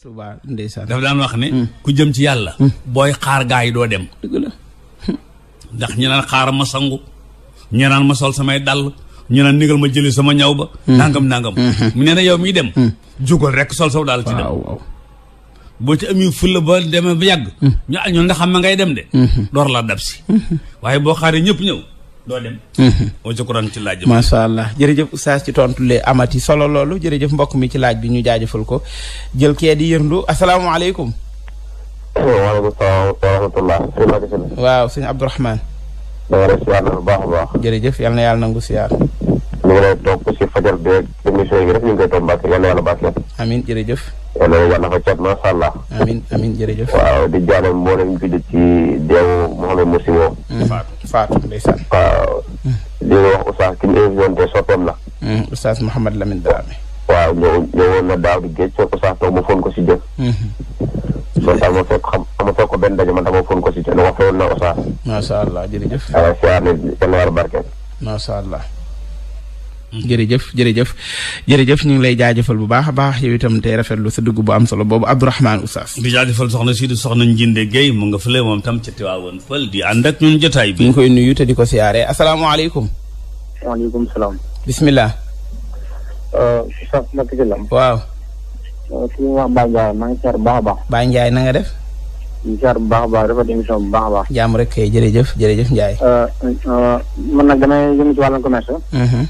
Tuubaa ndeysaan dafa daan wax ne. Hmm. ku jëm ci yàlla. Hmm. booy xaar gaa yi doo dem. dëgg hmm. ndax ñu naan xaaral ma sangu ñu naan ma sol samay dàll ñu naan nigal ma jëli sama ñaw ba. nangam nangam. mu nee na yow miy dem. jógal rek sol saw daal ci dem boo ci amee fulla ba demee ba yàgg. ñu ñoo nga xam ne ngay dem de. door laa dab si. waaye boo xaaree ñëpp ñëw. doo dem. au mhm. jukuraan ci laaj bi. allah jërëjëf oustaz ci tontu lee amati solo loolu jërëjëf mbokk mi ci laaj bi ñu jaajëfal ko jël kee di yërndu asalaamaaleykum. waaleykum salaam wa waaw sëñ Abdourahmane. dama lay siyaar na lu baax a baax. jërëjëf yal na yàlla nangu siyaar. ñu ngi lay topp si fajar beeg émission yi rek ñu ngi koy topp mbàkk yal na yàlla baax jërëjëf. loolu yàlla fa jërëjëf. waaw di jaale mboolem jullit ci deewu Mouhamed Moursi moom. Mm. Fatou Fatou ndeysaan. Mm. di wax oustaz ki ñu invité soppeem la. Mm, oustaz Mouhamed Lamine Dramé. waaw ñoo ñëwoon na daaw di géej fekk oustaz toog foon ko si jëf. man mm-hmm. daal ma fekk xam ma fekk ko ma foon ko si macha allah jërëjëf. waaw si waay ne kenn war macha allah. jërëjëf jërëjëf jërëjëf ñu ngi lay jaajëfal bu baax a baax yow itam tey rafetlu sa dugg bu am solo boobu Abdourahmane Oustaz di jaajëfal soxna si di soxna Njinde Guèye mu nga fële moom tam ca Tiwaawoon Pël di ànd ak ñun jotaay bi ñu koy nuyu di ko siyaare asalaamaaleykum waaleykum salaam bismillah euh, Oustaz waaw euh, maa ngi siyaar bu baax a baax na nga def ñu bu baax a baax rafet émission bu baax a baax jàmm rek kay jërëjëf jërëjëf Ndiaye euh, man nag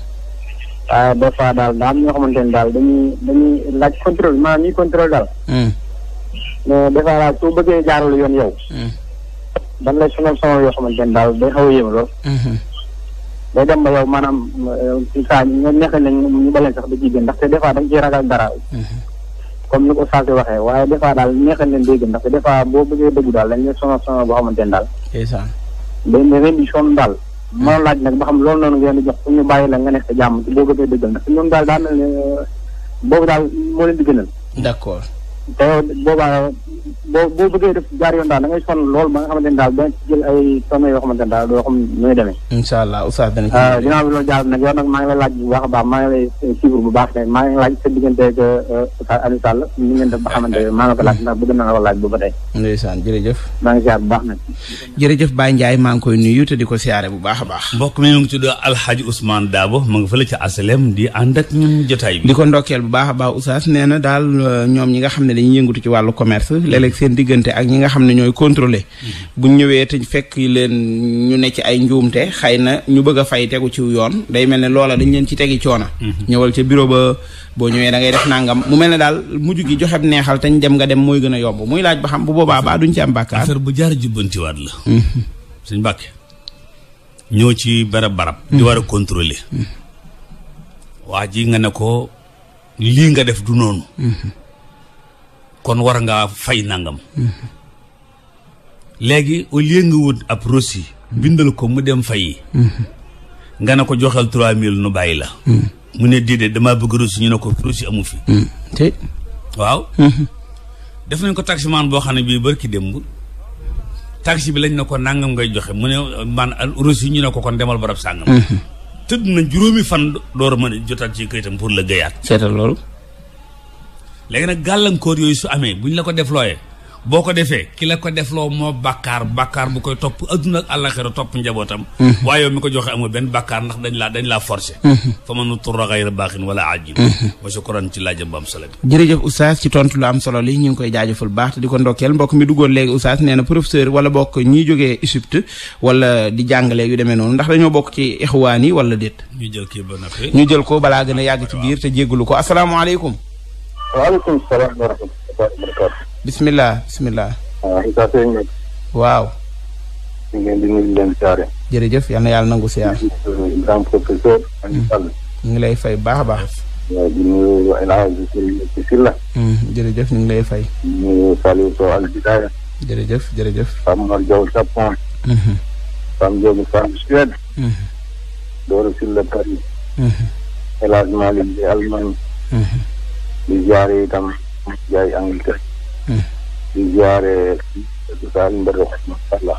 waaye ah, des daal daa am ñoo xamante ne daal dañuy dañuy laaj contrôle maanaam ñuy contrôle daal. Hmm. mais des daal soo bëggee la yoon yow. Hmm. dañ lay sonal sonal yoo xamante ne daal day xaw a yéem lool. Hmm. day dem ba yow maanaam euh, saa ñu neex nañ ñu baleen sax da ciy gën ndaxte des fois da nga ciy ragal dara. comme ni ko saa si waxee waaye des daal neexal leen dégg ndaxte des fois boo bëggee dëgg daal dañ lay boo xamante ne daal. ndeysaan. day ne ren di sonn daal. ma laaj nag ba xam loolu noonu ngeen di jox pour ñu la nga nekk sa jàmm boo bëggee dëggal ndax ñoom daal daa mel euh, daal moo leen di gën gënal. d'accord. te boobaa boo boo bëggee def jaar yoon daal da ngay sonn lool ba nga xamante ne daal dana ci jël ay somme yoo xamante ne daal doo xam nu muy demee. incha allah oustaz dana ci ah, ginnaaw bi loolu jaar nag yow nag maa ngi lay a baax maa ngi lay suivre bu baax ne maa ngi laaj sa diggante ak euh, oustaz Aliou Sall ni ngeen def ba xamante ne maa ko laaj ndax bëgg naa la bu ba tey. ndeysaan jërëjëf. maa ngi siyaar a ma nga fële ci asalem di ànd ak ñun jotaay bi. di ko ndokkeel bu a daal euh, ñoom ñi nga xam ne ñu yëngatu ci wàllu commerce léeg seen diggante ak ñi nga xam ne ñooy contrôler buñ ñëwee te fekk leen ñu ne ci ay njuumte xëy na ñu bëgg a fay tegu ci yoon day mel ne loola dañ leen ci tegi coona mhm. ñëwal ca bureau ba boo ñëwee da ngay def nangam mu mel ne daal mujj gi joxe neexal te dem nga dem mooy gën a yomb muy laaj ba xam bu boobaa baa duñ ci am bàkkaar affaire bu jaar jubbantiwaat la mhm. suñ bàkke ñoo ci barab barab mhm. di war a contrôler waa ji nga ne ko lii nga def du noonu kon war ngaa fay nangam. léegi au lieu nga wut ab rosi bindal ko mu dem fay. nga ne ko joxel trois mille nu bàyyi la. mu ne déedéet damaa bëgg rosi ñu ne ko rosi amu fi. te waaw. Mhm. def nañ ko taximaan boo xam ne bii barki démb. taxi bi lañ ne ko nangam ngay joxe mu ne man rosi ñu ne ko kon demal barab sàngam. Mhm. tëdd na juróomi fan door a mën jotal jotaat ci kayitam pour la gëyaat. seetal loolu. léegi nag gàllankoor yooyu su amee bu ñu la ko def boo ko defee ki la ko defloo moo bàkkaar bakkaar bu koy topp adduna ak àllaxira topp njabootam mhm. waaye yow mi ko joxe amul benn bàkkaar ndax dañ laa dañ laa forcé mhm. fa man turra xayra baaxin wala ajjin mhm. ci laajam am solo bi jërëjëf oustaz tontu lu am solo li ñu ngi koy jaajëfal baax di ko ndokkeel mbokk mi duggoon léegi oustaz nee na professeur wala bokk ñiy jógee Égypte wala di jàngale demee noonu ndax dañoo bokk ci ixwaan yi wala déet ñu jël kii ba noppi ñu jël ko balaa gën a yàgg ci biir te jéggalu ko asalaamaaleykum waaleykum salaam wa rahmatulah barakaatu. bisimilah ah, waaw ñu ngi leen di nuyu leen siyaare. jërëjëf yal na yàlla nangu siyaar. grand mm. ñu ngi lay fay baax baax. di nuyu El Hadj mm, jërëjëf ñu ngi lay fay. di nuyu jërëjëf jërëjëf. Pape Mor Diaw Japon. Mm-hmm. Mm-hmm. Pape di ziare itam jaay Angleterre. Hmm. di ziare Sall Mbadou Fatla.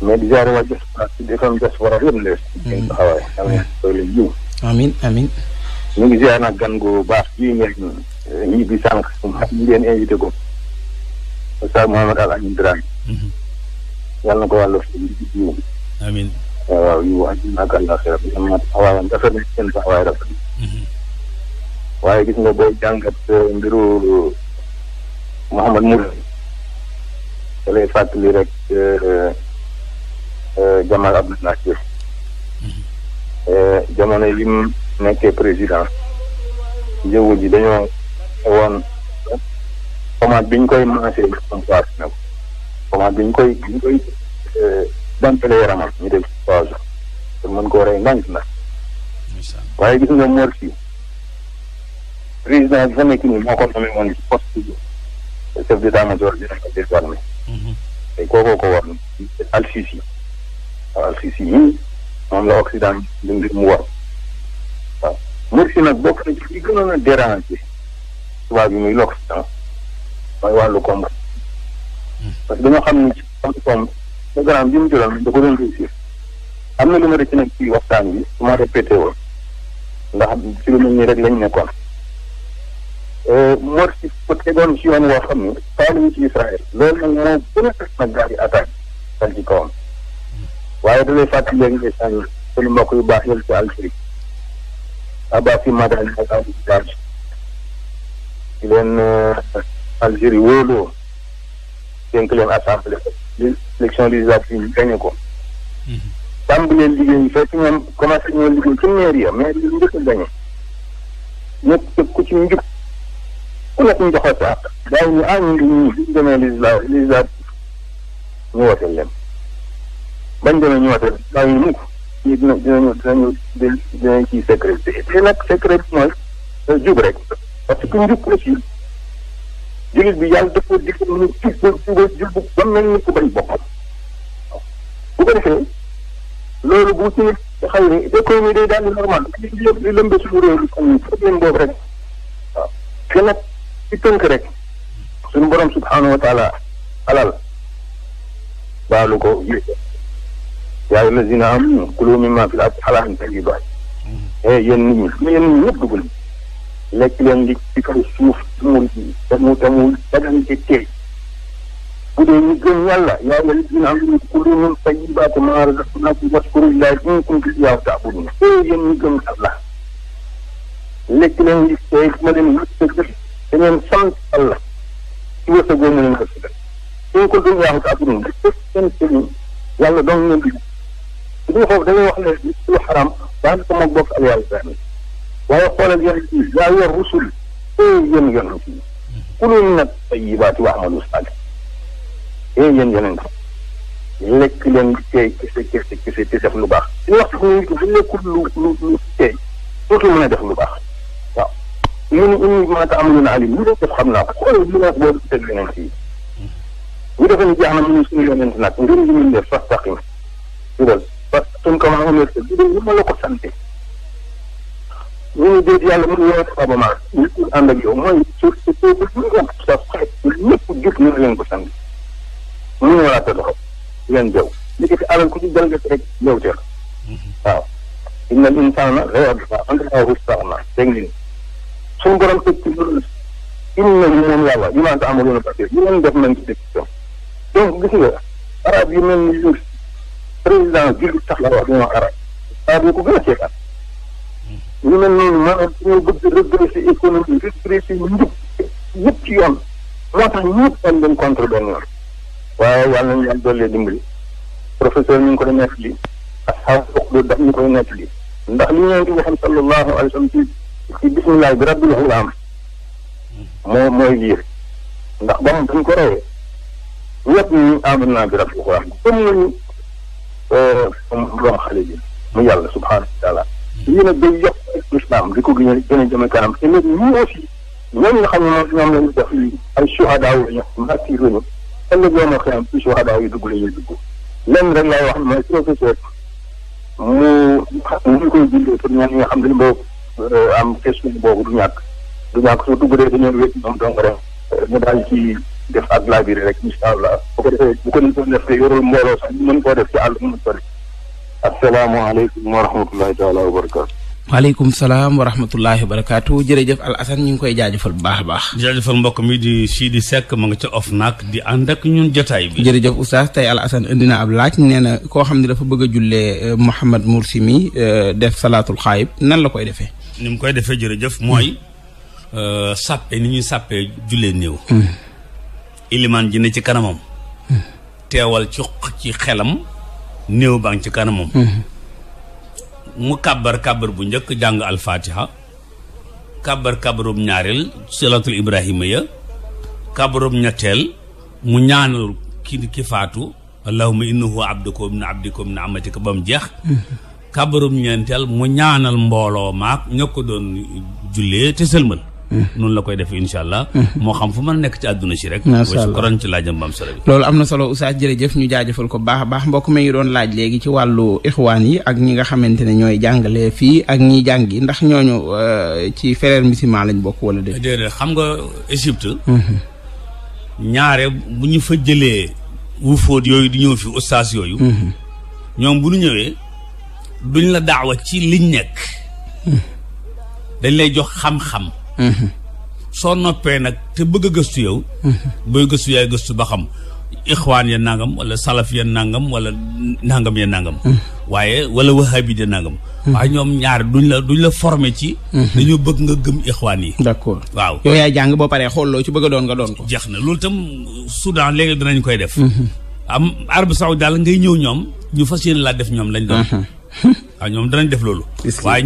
mais di ziare waa di fan diaspora yëpp la hmm. leen taxawaay. amiin amiin jiw. amiin amiin. ñu ngi ziare nag gan gu baax bii ngeen eh, ñibbi sànq ñu ngeen invité ko. Oustaz Mouhamed Al Amin Dramé. Hmm. yàlla na ko wàllu jiw. amiin. Eh, waaw yow ak àllaaxira bi am na taxawaayam rafet na seen taxawaay rafet na. waaye gis nga boo jàngat euh, mbiru Mouhamad Moursi da lay fàttali rek Gamal euh, euh, Abdel Nasser mhm. jamono yi mu nekkee président jëwu ji dañoo woon comment bi koy maasee comme ça ne ko comment bi ñu koy bi ñu koy dantale yaramam ñu def trois jours pour mën koo rey ndànk waaye gis nga Morsi président bi fa nekk nii moo ko nommé woon ci poste chef d'état-major général des armées mhm. te kookoo ko war Al-Sisi waaw Al-Sisi yi moom la Occident bi mbir mu war waaw Mursi nag bokk na ci li gënoon a déranger tubaab bi muy l'Occident mooy wàllu koom mhm. parce que dañoo xam ne ci koom programme bi mu jëloon da ko doon réussir am na lu ma rëcc nag ci waxtaan bi su ma répété woon ndax ci lu mel nii rek lañ nekkoon Euh, Mor si ko tegoon si yoon woo xam ne taaluñu ci Israël loolu nag moo gën a tax nag daal di attaque waaye da lay fàttali leen ne sànni sunu mbokk yu baax yëpp ci Algérie Abbas yi Madani ak Abou Badji di leen euh, Algérie wóoloo dénk leen assemblée li élection législative bi gañe ko. Mhm. tàmbalee liggéey fekk ñoom commencé ñoo liggéey ci mairie ya mairie yi njëkk a gañe ñëpp ku ci njëkk. ku nekk ñu joxoon sa àq. daaw ñu ah ñu ngi ñu demee Liza Liza ñu wooteel leen bañ demee ñu wooteel daaw ñu mukk ñu dina dinañu dinañu dinañ ciy sécurité te nag sécurité mooy euh, jub rek parce que njub aussi jullit bi yàlla dafa dikk mu jub ba jubal jub ba mel ni ku bañ boppam bu ko defee loolu bu ci nit xëy na économie day daal di normal li yëpp li lëmbe suñu réew mi problème boobu rek waaw te nag ci tënk rek suñu borom subhaanahu wa taala alal baalu ko yaa ayyuha lazina amanu kulu mimma fil ardi halaalan tayyiban eh yéen nit ñi yéen nit ñëpp lekk leen li ci kaw suuf te mu te mu te mu dagan ci tey bu dee ñu gëm yàlla yaa ayyuha lazina amanu kulu min tayyibaati maa razaqnaakum washkuru lillaahi in kuntum iyyaahu ta'buduun yéen ñu gëm yàlla lekk leen li tey ma leen wut da ngeen sant Allah ci wërsëg boobu mu leen xasida suñ ko dul yaam ka adduna bi def seen sëriñ yàlla dong ngeen di su ñu foofu da ngay wax ne lu xaram baax ko moog bokk ak yàlla daal waaye xoolal yéen ci yaa yor rusul ee eh, yéen yonent yi kulu nag wa amalu saalih eh, ee yéen yonent lekk leen di teey kese kese kese def lu baax suñu waxtu ko ñu lekkul lu def lu baax yéen inni maa ta'maluuna aliim lu def xam naa ko xoolal li nga boobu teg yonent yi ñu defe ne jeex na mu ne suñu yonent nag ngeen li muy def fastaqim jubal fastaqim kamaa umirta jubal ni ma la ko sante ñu ne déet yàlla mu ne sabama nit ñi ànd ak yow mooy suuf si suuf bu ñu ko sa xeet lépp jub ñu leen ko sant mu ne wala te doxal leen jaww li ko fi alal ku ci jalgati rek jaww teel mm-hmm. waaw inna al insaana la yadfa an ra'ahu istaghna suñu borom teg inna yi moom yàlla ñu naan ko amaloon a passé ñu leen def nañ ci décision donc gis nga arab yu mel président jullit sax la wax ñu wax arab arab yi ko gën a seetaat ñu mel noonu maanaam dañoo bëgg redresser économie redresser ci yoon moo tax ñëpp dañ leen contre benn yoon waaye yàlla nañu yàlla dolli dimbali professeur ñu ngi ko doon nekk lii asxaab foq do daf ñu koy nekk lii ndax li ñu leen di waxoon sallallahu ci bisimilah bi rabbil xulaam moo mooy liir ndax ba mu dañ ko rawee ñëpp ñu naa bi rabbil xulaam comme nañu euh, borom xale bi mu yàlla subhaanahu wa taala lii nag day li islam di ko gën a gën a jëme kanam te nag ñii aussi ñoom nga xam ne ñoom lañu def lii ay suhadaa lañu martir ma xiyam ci suhadaa yi dugg la ñuy dugg lenn rek laay mu xam ñu koy jëndee pour ñoom ñi Euh, am facebook boobu du ñàkk du ñàkk surtout bu dee dañoo wécc ñoom donc rek ñu daal ci def ak laabiri rek incha allah bu ko defee bu ko nit doon def te yorul mbooloo sax ñu mën koo def ci àll mën ko def asalaamaaleykum wa rahmatullahi taala wa barakaatu waaleykum salaam wa rahmatullahi wa barakaatu jërëjëf Al Assane ñu ngi koy jaajëfal bu baax a baax jaajëfal mbokk mi di Sidi Seck ma nga ca OFNAC di ànd ak ñun jotaay bi jërëjëf oustaz tey Al Assane indi na ab laaj nee na koo xam ne dafa bëgg a jullee eh, Mouhamed Moursi mi eh, def salaatul xaayib nan la koy defee ni mu koy defee jërëjëf mooy euh, sàppe ni ñuy sàppee jullee néew mm. ilimaan ji ne ci kanamam mm. teewal ci ci xelam néew baa ci kanamam mm. mu kàbbar kàbbar bu njëkk jàng alfaatiha kàbbar kàbbarum ñaareel salaatul ibrahima ya kàbbarum ñetteel mu ñaanal ki ki faatu allahumma innahu abduka min abdika min amatika ba mu jeex kabarum ñeenteel mu ñaanal mbooloo maak ña ko doon jullee te sëlmal noonu la koy def incha allah. moo xam fu mën nekk ci àdduna si rek. macha ci laajam ba solo bi. loolu am na solo Oustaz jëf ñu jaajëfal ko baax baax mbokk mi ngi doon laaj léegi ci wàllu ixwaan yi ak ñi nga xamante ne ñooy jàngalee fii ak jàng yi ndax ñooñu euh, ci frères musulmans lañ bokk wala de déedéet xam nga Égypte. Mhm. ñaare bu ñu fa jëlee wufoot yooyu di ñëw fi ustaas yooyu. Mhm. ñoom bu ñu ñëwee. duñ la daawa ci liñ nekk dañ lay jox xam-xam soo noppee nag te bëgg gëstu yow booy gëstu yaay gëstu ba xam ixwaan ya nangam wala salaf ya nangam wala nangam ya nangam waaye wala wahabi ya nangam waa ñoom ñaar duñ la duñ la formé ci dañoo bëgg nga gëm ixwaan yi d'accord waaw yow yaay jàng boo paree xool loo ci bëgg doon nga doon ko jeex na loolu tam Soudan léegi danañ koy def am Arabie Saoudite daal ngay ñëw ñoom ñu fas yéene laa def ñoom lañ doon mhm. waaw ah, ñoom danañ def loolu. waaye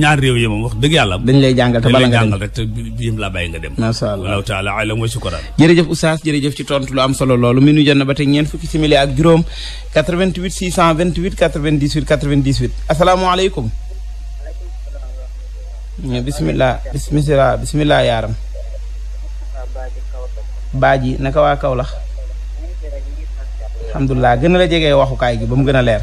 ñaar réew yi moom wax dëgg yàlla. dañ lay jàngal te bala nga jàngal rek te bi laa bàyyi nga dem. macha allah walaaw taala alam wa sukuraan. jërëjëf Oustaz jërëjëf ci tontu lu am solo loolu mi nu jot na ba tey ñeent fukki simili ak juróom 88 628 98 98 asalaamaaleykum. bisimilah bisimilah bisimilah yaaram. baaji naka waa Kaolack. alhamdulilah gën a la jege waxukaay gi ba mu gën a leer.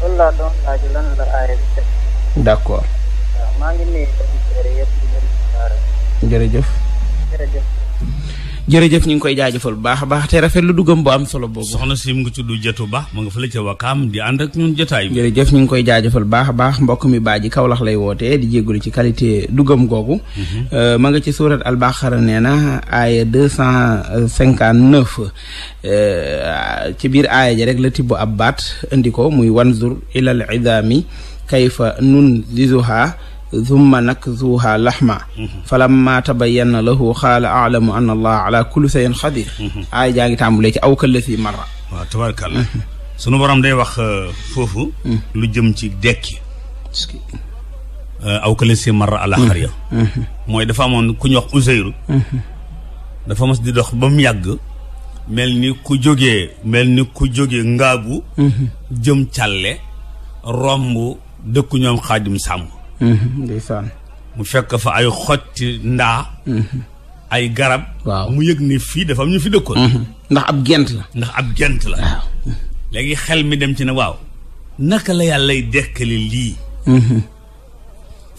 loolu laa doon laaj lan la aaya bi teg. d' accord. waaw maa ngi jërëjëf. jërëjëf ñu ngi koy jaajëfal baax a baax te rafet lu duggam bu am solo boobu soxna si mu ngi tudd Jatu Ba mu nga fële ca Wakaam di ànd ak ñun jotaay bi jërëjëf ñu ngi koy jaajëfal bu baax a baax mbokk mi baa ji Kawlax lay woote di jéggulu ci qualité duggam googu mhm. euh, ma nga ci suurat albaqara nee na aaya deux cent cinquante neuf euh, ci biir aaya ji rek la tibb ab baat indi ko muy wanzur ilal idami kayfa nun lizuha thumma nakzuha lahma mhm. falamma tabayyana lahu xaala aalamu anna mhm. ci aw kallati marra waaw tabaarkalla mhm. sunu borom day wax euh, foofu lu jëm ci dekki euh, aw kallati marra ala mooy dafa amoon ku ñu wax Useyru dafa mas di dox ba mu yàgg mel ni ku jógee mel ni ku jógee ngaabu jëm càlle romb dëkku ñoom xaajum sàmm Mm-hmm. ndeysaan mu fekk fa ay xotti ndaa mm-hmm. ay garab waaw mu yëg ni fii dafa am ñu fi dëkkoon mm-hmm. ndax ab gent la ndax ab gent la léegi xel mi dem ci ne waaw naka la yàllay dekkali lii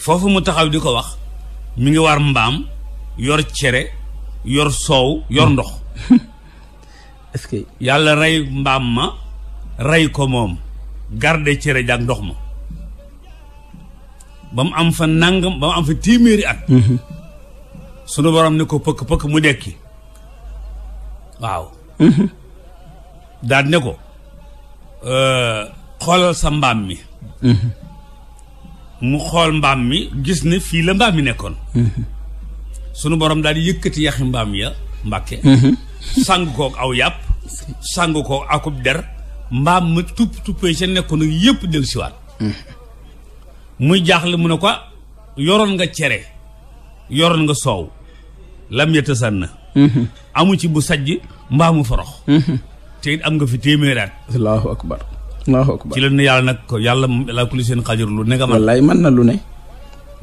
foofu mu taxaw di ko wax mu ngi war mbaam yor cere yor soow yor ndox est que yàlla rey mbaam ma rey ko moom garde cere jaag ndox ma ba mu am fa nangam ba mu am fa téeméeri at. Mhm. sunu borom ni ko pëkk pëkk mu dekki waaw. Mhm. daal ne ko euh, xoolal sa mbaam mi. Mhm. mu xool mbaam mi gis ne fii la mbaam mi nekkoon. sunu borom daal di yëkkati yaxi mbaam ya mbàkke. sàng kook aw yàpp. sàng kook akub der mbaam ma tupp tuppee ca nekkoon ak yëpp siwaat muy jaaxle mu ne ko ah, yoroon nga cere yoroon nga soow lam ya tësan na mhm. amu ci bu sajj mbaa mu forox mhm. te it am nga fi téeméeraat allahu akbar ci leen ne yàlla nag ko yàlla laa kuli seen xajar lu ne man na lu ne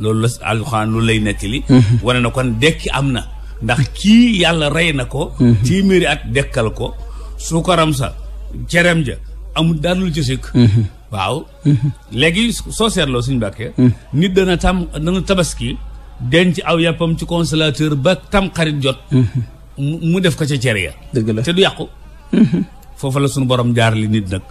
loolu la alxuraan lu lay nettali mhm. wane na kon dekki am na ndax kii yàlla rey na ko téeméeri at dekkal ko suukaram sa cerem ja amul dara lu ci waaw. léegi soo seetloo suñu mbàkkee. Hmm. nit dana tam dana tabaski. denc aw yàppam ci consolateur ba tam xarit jot. Hmm. mu def ko ca cere ya. dëgg te du yàqu. Hmm. foofu la sunu borom jaar li nit nag.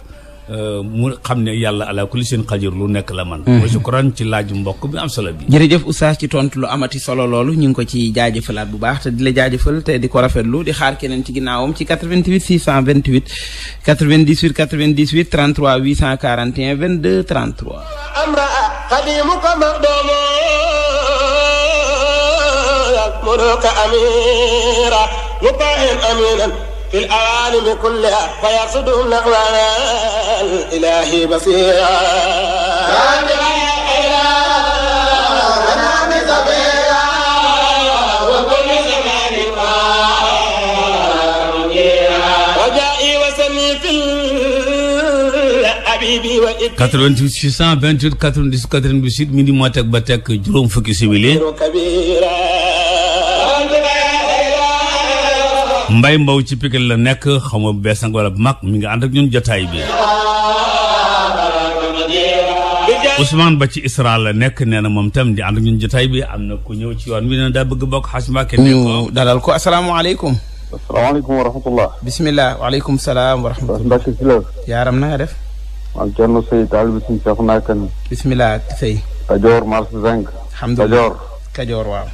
mu xam ne yàlla ala kulli seen xajar lu nekk la man mooy hmm. sukran ci laaj mbokk bi am solo bi jërëjëf oustaz ci tontu lu amati solo loolu ñu ngi ko ci jaajëfalaat bu baax te di la jaajëfal te di ko rafetlu di xaar keneen ci ginnaawam ci 88 628 98 98 33 841 22 33 amraa xadimuka mardoomo munuka amira muqahin aminan في الأوالم كلها فيرصدهم نحونا الإلهي بصيرا وجائي وسمي في الحبيب وإبي 88 628 98 98 mi ngi moo teg ba teg juróom fukki simili mbay mbaw ci Pikine la nekk xaw ma bu bees nag bu mag mi nga ànd ak ñun jotaay bi Ousmane ba ci Isra la nekk nee na moom tam di ànd ak ñun am na ku ñëw ci yoon bëgg bokk xaaj Mbàkke ko asalaamaaleykum asalaamaaleykum wa rahmatullah bisimilah waaleykum salaam wa rahmatullah Mbàkke si la yaaram na nga def waaw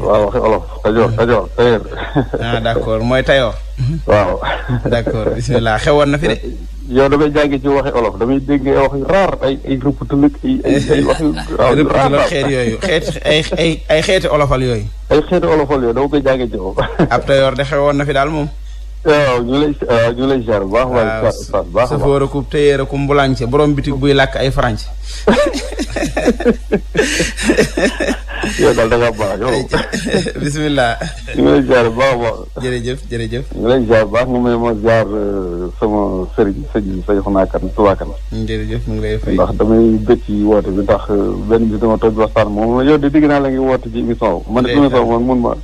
waaw waxi olof Kajoor Kajoor Tayor. ah d' mooy Tayor. waaw. d' accord bisimilah xewoon na fi de. yow damay jàngi ci waxi olof damay dégg wax yu raar ay ay rëpputuluk ay xeet yooyu xeet ay ay ay olofal yooyu. ay xeeti olofal yooyu dama koy jàngi ci moom. ab Tayor de xewoon na fi daal moom. waaw ñu lay ñu lay ziar bu baax. waaw sa baax safóor ak téyeer ak mbulaañse borom bitik buy làkk ay farañse. yow daal da baax yow. ñu lay ziar bu baax baax. jërëjëf jërëjëf. ñu lay ziar bu baax nga may ma ziar euh, sama sëriñ sëñ sëñ xanaa kan Touba kan. jërëjëf mu ngi lay fay. ndax damay bëcc yi woote bi ndax euh, benn bi dama toj waxtaan moom yow de dégg naa la ngi woote ci émission. man de mun ma.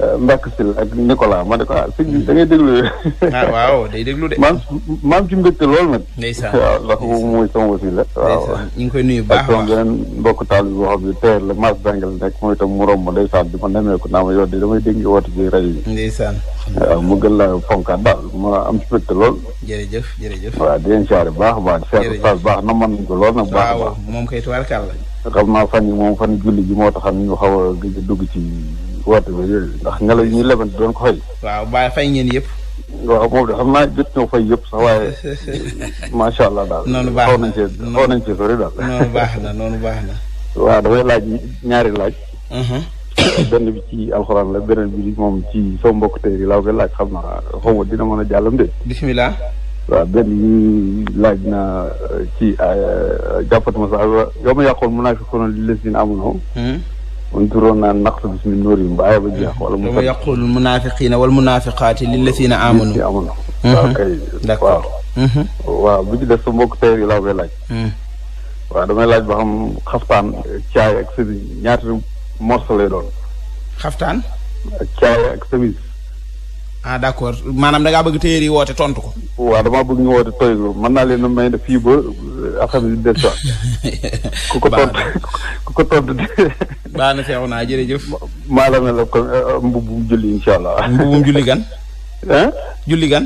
Mbacke Sylla ak Nicolas ma ne ko ah sëñ bi hmm. da ngay déglu. Ah, waaw day déglu de. maam maam ci mbégte lool nag. ndeysaan waaw ndax moom mooy sama wasila. waaw ñu ngi koy nuyu baax a baax ak mbokk taal bi boo xam ne teer la Mass Dangal nekk mooy itam mu romb ndeysaan bi ma ko naa ma yow de damay dégg woote ci rajo bi. ndeysaan. waaw mu gën laa fonkaat daal ma am ci mbégte lool. jërëjëf jërëjëf. waaw di leen siyaare baax a baax. baax na mën ko lool nag. baax a baax waaw moom kay tubaarkàlla xam naa fan yi moom fan julli bi moo tax am ñu xaw a dugg ci woote ba yooyu ndax ngelaw yi ñu lebante doon ko fay. waaw bàyyi fay ngeen yëpp. waaw moom de xam naa jot ñoo fay yëpp sax waaye macha allah daal. noonu baax na xaw nañ cee xaw nañ cee noonu baax na noonu baax laaj ñaari laaj. Uh-huh. benn bi ci alxuraan la beneen bi moom ci sama mbokk tey yi laa koy laaj xam naa xaw ma dina mën a jàllam de. bisimilah. waaw benn yi laaj na euh, ci euh, jàppatuma sax yow ma yàqoon munaafiqoon li leen amul amoon. Hmm? unzurna naqsus min nuurihim ba aaya ba jeex wala mu. wa yaqulu almunaafiqiina walmunaafiqaati lillaziina aamanu. Mm-hmm. waaw kay. d'accord waaw mm-hmm. bu ci def sa mbokk tey yi laa koy laaj. Mm-hmm. waaw damay laaj ba xam xaftaan caay ak semis ñaata morceau lay doon. xaftaan. caay ak ah d' accord maanaam da bëgg téyeer yi woote tontu ko. waaw damaa bëgg ñu woote tooy ko mën naa leen a may ne fii ba affaire bi ku ko tontu ku ko na feexu naa jërëjëf. maa la mel kon eh, mbubbum julli incha allah. mbubbum julli gan. julli gan.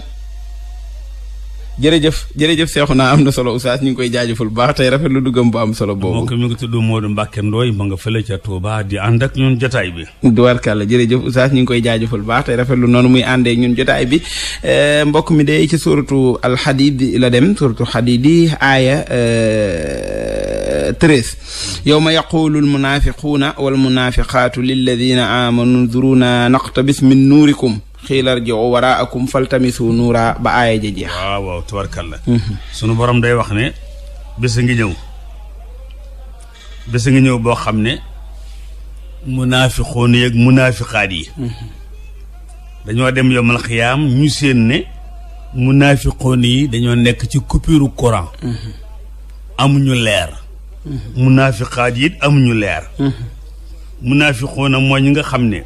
jërëjëf jërëjëf Seexuna am na solo Oustaz ñu ngi koy jaajëfal bu baax tey rafet lu duggam bu am solo boobu mbokk mi ngi tudd Modou Mbacke Ndoye ma nga fële ca Touba di ànd ak ñun jotaay bi duwarkàlla jërëjëf Oustaz ñu ngi koy jaajëfal baax tey rafet noonu muy àndee ñun jotaay bi eh, mbokk mi de ci suratu alxadid la dem suratu xadidi aaya eh, treize yawma yaqulu almunafiquuna walmunafiqaatu lilladina amanu nzuruna naqtabis min nuurikum xiilar ji o wara akum faltamisu nuura ba aaya ja jeex waaw waaw tubarkalla sunu borom day wax ne bés a ngi ñëw bés a ngi ñëw boo xam ne munaafixoon yeeg munaafiqaat yi dañoo dem yomal xiyaam ñu seen ne munaafiqoon yi dañoo nekk ci coupure courant amuñu leer munaafiqaat yi it amuñu leer uhm. munaafiqoona mooy ñi nga xam ne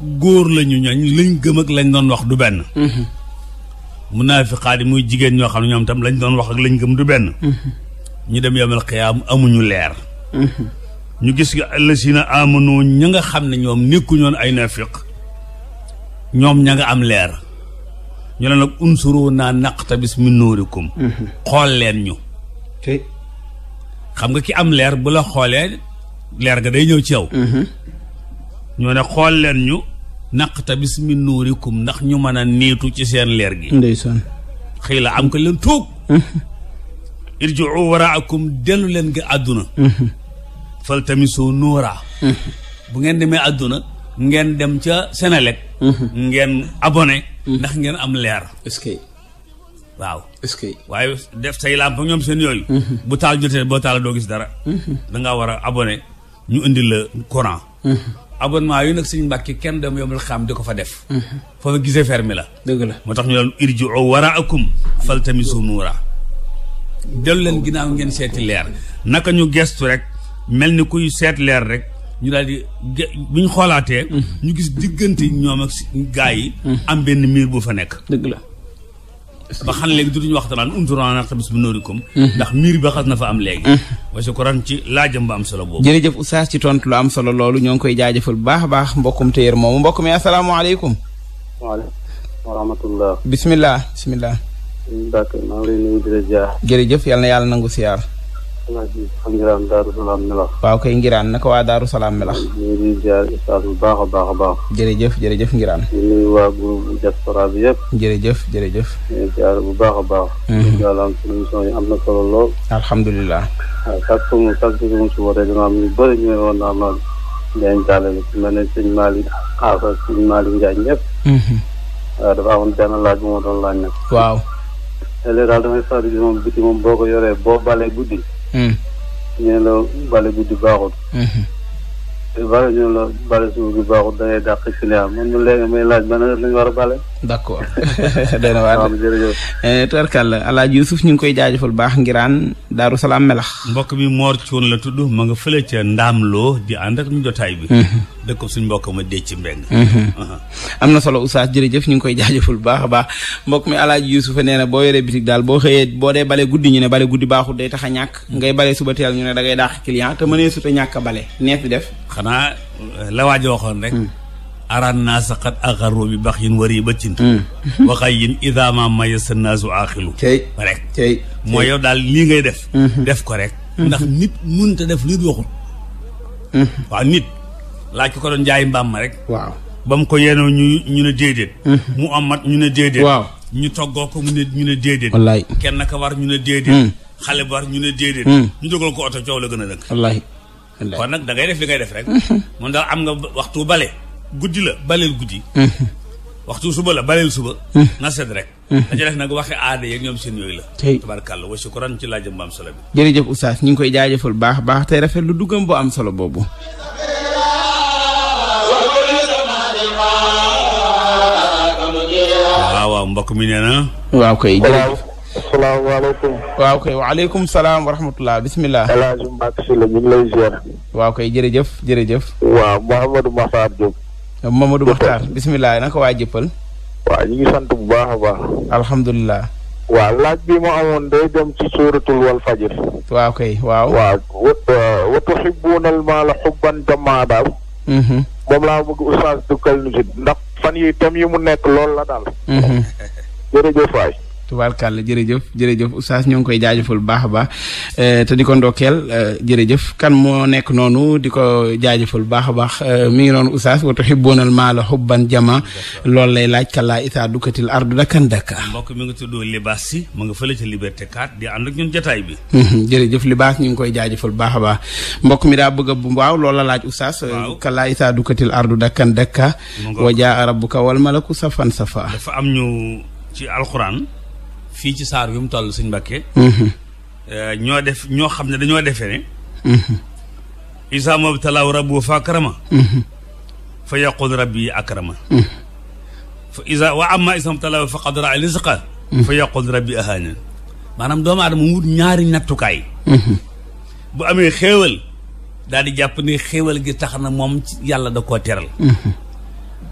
góor lañu ñooñ lañ gëm ak lañ doon wax du benn mhm. munaafiqaat yi muy jigéen ñoo xam ne ñoom tam lañ doon wax ak lañ gëm du benn mhm. ñu dem yomal xiyaam amuñu leer mhm. ñu gis lasina amanu ña nga xam ne ñoom nekkuñoon ay naafiq ñoom ña nga am leer ñu leen nag unsuru naa naqtabis min nuurikum xool leen ñu xam nga ki am leer bu la xoolee leer ga day ñëw ci yow ñoo ne xool leen ñu naqta bismi nuurikum ndax ñu mën a niitu ci seen leer gi ndeysaan xëy la am ko leen tuug irjiu waraakum dellu leen nga àdduna faltamisu nuura bu ngeen demee àdduna ngeen dem ca Senelec ngeen abonné ndax ngeen am leer est-ce que waaw est que waaye def say làmp ñoom seen yooyu bu taal jotee boo taal doo gis dara da ngaa war a abone ñu indi la courant abonnement yi nag suñu mbàkki kenn dem yombal xam di ko fa def mhm. foofu gisee fermi la dëgg la moo tax ñu doon fal waraakum faltamisu nuura dellu leen ginnaaw ngeen seeti leer naka ñu gestu rek mel ni kuy seet leer rek ñu daal di bu ñu xoolaatee mhm. ñu gis diggante ñoom ak gaa yi mhm. am benn miir bu fa nekk dëgg la ba xam léegi dutuñu waxtaan unturana tamit bu noorikum ndax miir ba xas na fa am léegi mm-hmm. wasi koran ci laajam ba am solo boobu jërëjëf u oustaz ci tontu lu am solo loolu ñoo ngi koy jaajëfal bu baax baax mbokkum téyër moomu mbokk mi asalaamaaleykum waaleykum wa rahmatullah bismillah bismillah d'accord maa jërëjëf yal na yàlla nangu siyaar ngiraan daaru salaam melax waaw kay ngiraan naka waa daaru salaam melax ñu ngi jaar ustaas bu baax a baax a baax jërëjëf jërëjëf ngiraan ñu nuyu waa groupe diaspora bi yëpp jërëjëf jërëjëf ñu jaar bu baax a baax yàlla am sunu émission yi am na solo lool alhamdulilah waaw chaque fois chaque jour mu si wootee dina am ñu bëri ma dañ jàllale ci mel ne sëñ Malick Afa sëñ Malick Ndiaye ñëpp waaw dafa amoon benn laaj bu ma doon waaw léegi damay fàttali moom biti moom boo ko yoree boo balee guddi ñu hmm. ne la bale guddi baaxul. Hmm. bale ñu ne la bale suba gi baaxul da ngay dàq ci li am man léegi may laaj ban heure la ñu war a bale. d' accord day na waar eh, tarkal alaaji Youssouf ñu ngi koy jaajëfal baax ngiraan daaru salaam melax mbokk mi Mor Cuun la tudd ma nga fële ca ndaamloo di ànd ak ñu jotaay bi de mhm. dëkk suñ mbokk ma dee ci mbeng mhm. Mhm. am na solo oustaz jërëjëf ñu ngi koy jaajëfal baax a baax mbokk mi alaaji Youssouf nee na boo yoree bitig daal boo xëyee boo dee bale guddi ñu ne bale guddi baaxul day tax a ñàkk ngay bale suba teel ñu ne da ngay daax client te mënee suta ñàkk a bale neef di def xanaa la waajo waxoon rek hmm. araan naasa xat axarru bi bax yin wari bëccin waxay yin idama mayasa naasu aaxilu rek moo yow daal lii ngay def def ko rek ndax nit mënut a def lu waxul waaw nit laaj ko ko doon njaay mbaam ma rek waaw ba mu ko yéenoo ñu ñu ne déedéet mm. mu amat ñu ne déedéet waaw ñu toggoo ko mu ñu ne déedéet kenn ka war ñu ne déedéet mm. xale ñu ne mm. ñu dugal ko oto coow la gën a dëkk wallaay kon nag da def li ngay def rek moom mm-hmm. daal am nga waxtu bale guddi la baleel guddi mm-hmm. waxtu suba la baleel suba mm-hmm. na sedd rek mm-hmm. dañu def nag waxe aada yeeg ñoom seen yooyu la tabarkàlla wa shukran ci laajëm bu am solo bi jërëjëf oustaz ñu ngi koy jaajëfal baax baax tey rafet lu duggam bu am solo boobu waaw mbokk mi nee na waaw koy jërëjëf salaamaaleykum waaw koy salaam wa rahmatulah bisimilah El waaw koy jërëjëf jërëjëf waaw Mouhamadou Makhtar Mamadou Makhtar bisimilah naka waa jëppal waaw ñu ngi sant bu baax a baax. alhamdulilah. waaw laaj bi mu amoon day dem ci suuratul wal fajir. waaw kay waaw. waaw euh, wa tuhibbunal maala hubban jammaada. Mm-hmm. moom laa fan yi tam yi mu nekk lool la daal. Mm-hmm. jërëjëf waay. tubaarkàlla jërëjëf jërëjëf oustaz ñoo ngi koy jaajëfal bu baax a baax eh, te di ko ndokkeel eh, jërëjëf kan moo nekk noonu di ko jaajëfal bu baax a baax eh, mi ngi noonu oustaz wa tuhibbuunal maala hubban jama loolu lay laaj kallaa isaa dukkatil ardu dakkan dakka mbokk mi nga tuddoo libaas si mu nga fële ca liberté 4 di ànd ak ñun jotaay bi mhm, jërëjëf libaas ñu ngi koy jaajëfal baax a baax mbokk mi daa bëgg a bu waaw loola laaj oustaz kallaa isaa dukkatil ardu dakkan dakka wa jaa rabbuka wal malaku safan safa dafa am ñu ci alquran fii ci saar yu mu toll suñ mbàkkee mhm. eh, ñoo def ñoo xam ne dañoo defee ne mhm. isa mabtalaahu rabbu fa akrama mhm. fa yaqul rabbi akrama isa wa amma isa mabtalaahu fa qadara rizqa fa yaqul rabbi ahana maanaam doomu aadama mu wut ñaari nattukaay bu amee xéewal daal di jàpp ne xéewal gi tax na moom yàlla da koo teral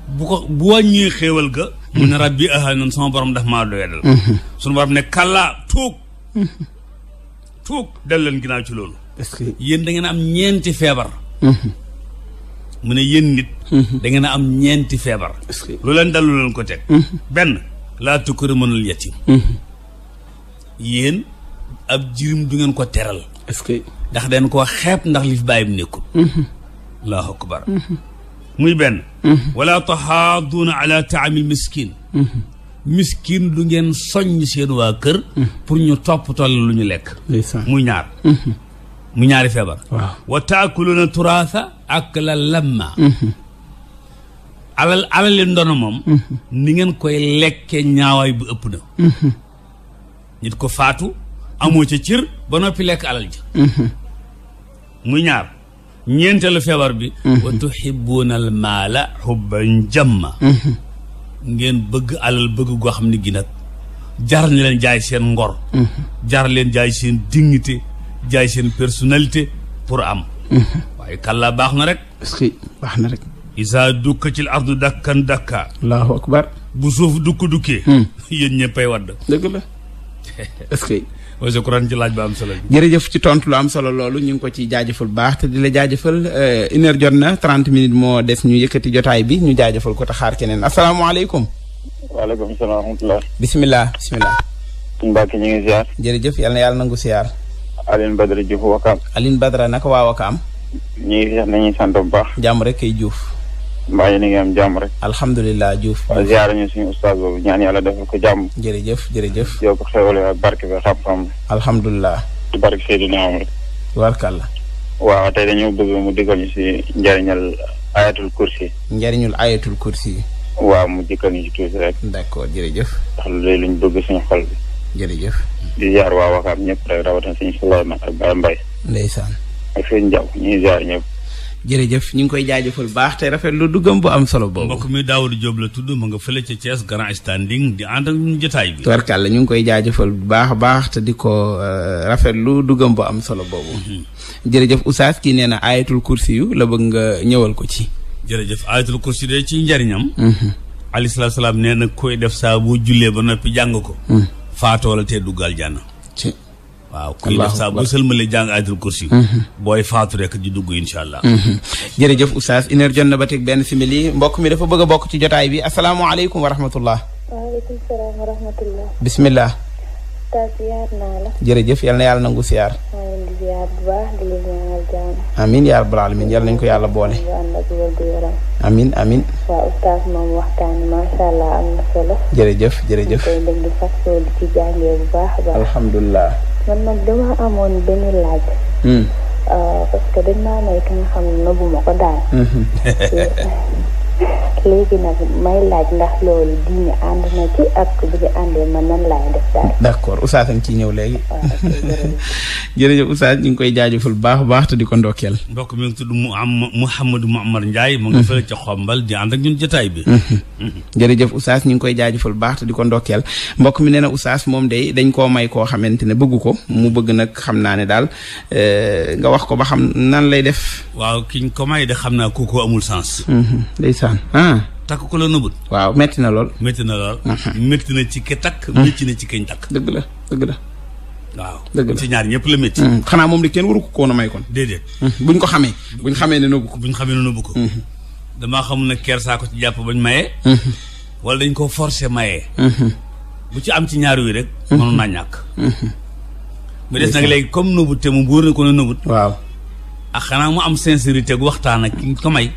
bu ko bu wàññee xéewal ga mu ne rabbi ahanan sama boroom daf maa doyadal suñu borom ne kallaa tuug tuug dal leen ginnaaw ci loolu yéen da ngeen a am ñeenti feebar mu ne yéen nit da ngeen a am ñeenti feebar lu leen dal lu leen ko teg benn laa tukkari mënul yetim yéen ab jirim du ngeen ko teral est-ce que ndax den koo xeeb ndax li fi bàyyim nekkul allahu muy benn Mm-hmm. wala taxaaduuna ala taamil miskin mm-hmm. miskin du ngeen soññ seen waa kër mm-hmm. pour ñu toppatoo lu ñu lekk muy ñaar mu ñaari feebar waaw wa taakuluuna turaasa ak la lamma alal alal ndono moom ni ngeen koy lekkee ñaawaay bu ëpp na nit ko faatu amoo ca cër ba noppi lekk alal ja muy ñaar ñeenteelu feebar bi mhm. wa tuhibbuuna al maala hubban jamma mhm. ngeen bëgg alal bëgg goo xam ne gi nag jar na leen jaay seen ngor mhm. jar leen jaay seen dignité jaay seen personnalité pour am waaye kàllaa baax na rek est que baax na rek isaa dukka ci ardu dakkan dakka allahu akbar bu suuf dukk dukkee hmm. yéen ñëppay wadd est-ce que. mooy laaj ba am solo jërëjëf ci tontu lu am solo loolu ñu ngi ko ci jaajëfal baax te di la jaajëfal euh, une jot na trente minutes moo des ñu yëkkati jotaay bi ñu jaajëfal ko te xaar keneen asalaamaaleykum. waaleykum salaam wa rahmatulah. bisimilah bisimilah. Mbacke ñu ngi ziar. jërëjëf na yàlla nangu ziar. Aline Badara Diouf Wakaam. Aline Badara naka waa Wakaam. ñu ngi nañuy sant bu baax. jàmm rek kay Diouf. mbaa yéen a ngi am jàmm rek. alhamdulilah Diouf. waaw ziare ñu suñu ustaaz boobu ñaan yàlla defal ko jàmm. jërëjëf jërëjëf. yow ko xéwale ak bark bi xam-xam. alhamdulilah. di barke Seydina Omar. tubaarkàlla. mu digal si njëriñal ayatul kursi. njëriñul ayatul kursi. waaw mu dikkal ñu si tuuti rek. d'accord jërëjëf. ndax bëgg suñu xol bi. jërëjëf. di jaar waa Wakaam ñëpp rek rawatina suñu Souleymane ak Baye Mbaye. ndeysaan. ak seen Njaw ñuy ziar ñëpp jërëjëf ñu ngi koy jaajëfal baax te rafet lu duggam bu am solo boobu. mbokk mi Daawuda Jóob la tudd ma nga fële ca Thiès grand standing di ànd ak jotaay bi. tubarkàlla ñu ngi koy jaajëfal bu baax a baax te di ko euh, rafet lu duggam bu am solo boobu. Mhm. jërëjëf Oustaz kii nee na ayatul kursi yu la bëgg nga ñëwal ko ci. jërëjëf ayatul kursi de ci njariñam. Mhm. alayhi salaam nee na koy def saa bu jullee ba noppi jàng ko. Mhm. faatoola la te duggal jànna. waaw kuy def saa bu sëlmale jàng ayatul mhm. booy faatu rek di dugg incha allah mhm. jërëjëf oustaz une na ba teg benn simili mbokk mi dafa bëgg a bokk ci jotaay bi asalaamaaleykum wa rahmatullah waaleykum salaam wa naa la jërëjëf yal na yàlla nangu siyaar amiin yaa rabbal aalamiin yal nañ ko yàlla boole amiin amiin jërëjëf jërëjëf koy man nag dama amoon benn laaj. Hmm. Euh, parce que dañ maa may ki nga xam ne nëbbu ma ko daal. Hmm. léegi nag may laaj ndax loolu diine ànd na ci ak bu ñu àndee nan laay def daal. d' accord Oustaz a ngi ciy ñëw léegi. Ah, jërëjëf Oustaz ñu ngi koy jaajëfal baax a baax te di ko ndokkeel. mbokk mi ngi tudd mu am Mouhamadou Mouhamad Ndiaye. mu nga mhm. fële ca xombal di ak ñun jotaay bi. Mhm. Mhm. jërëjëf ñu ngi koy jaajëfal baax te di ko ndokkeel mbokk mi nee na Oustaz moom day dañ koo may koo xamante ne bëggu ko mu bëgg nag xam naa ne daal euh, nga wax ko ba xam nan lay def. waaw ki ñu ko may de xam naa kooku amul sens. ndeysaan ah takk ko la nëbul. waaw metti na lool. metti na lool. métti mhm. na ci ke takk. métti na ci keñ takk. dëgg la dëgg la. waaw dëgg la ci ñaar ñëpp la métti. Mhm. xanaa moom de kenn waru ko koo na may mhm. buñ ko xamee. buñ xamee ne nëbbu ko buñ xamee ne nëbbu ko. damaa xam ne ker saa ci jàpp bañ maye. wala dañ koo forcer maye. bu ci am ci ñaar wi rek. mënoon naa ñàkk. mu des nag léegi comme nëbbu te mu wóor na ko ne nëbbu. waaw ak ah, xanaa mu am sincérité gu waxtaan ak ki ko may.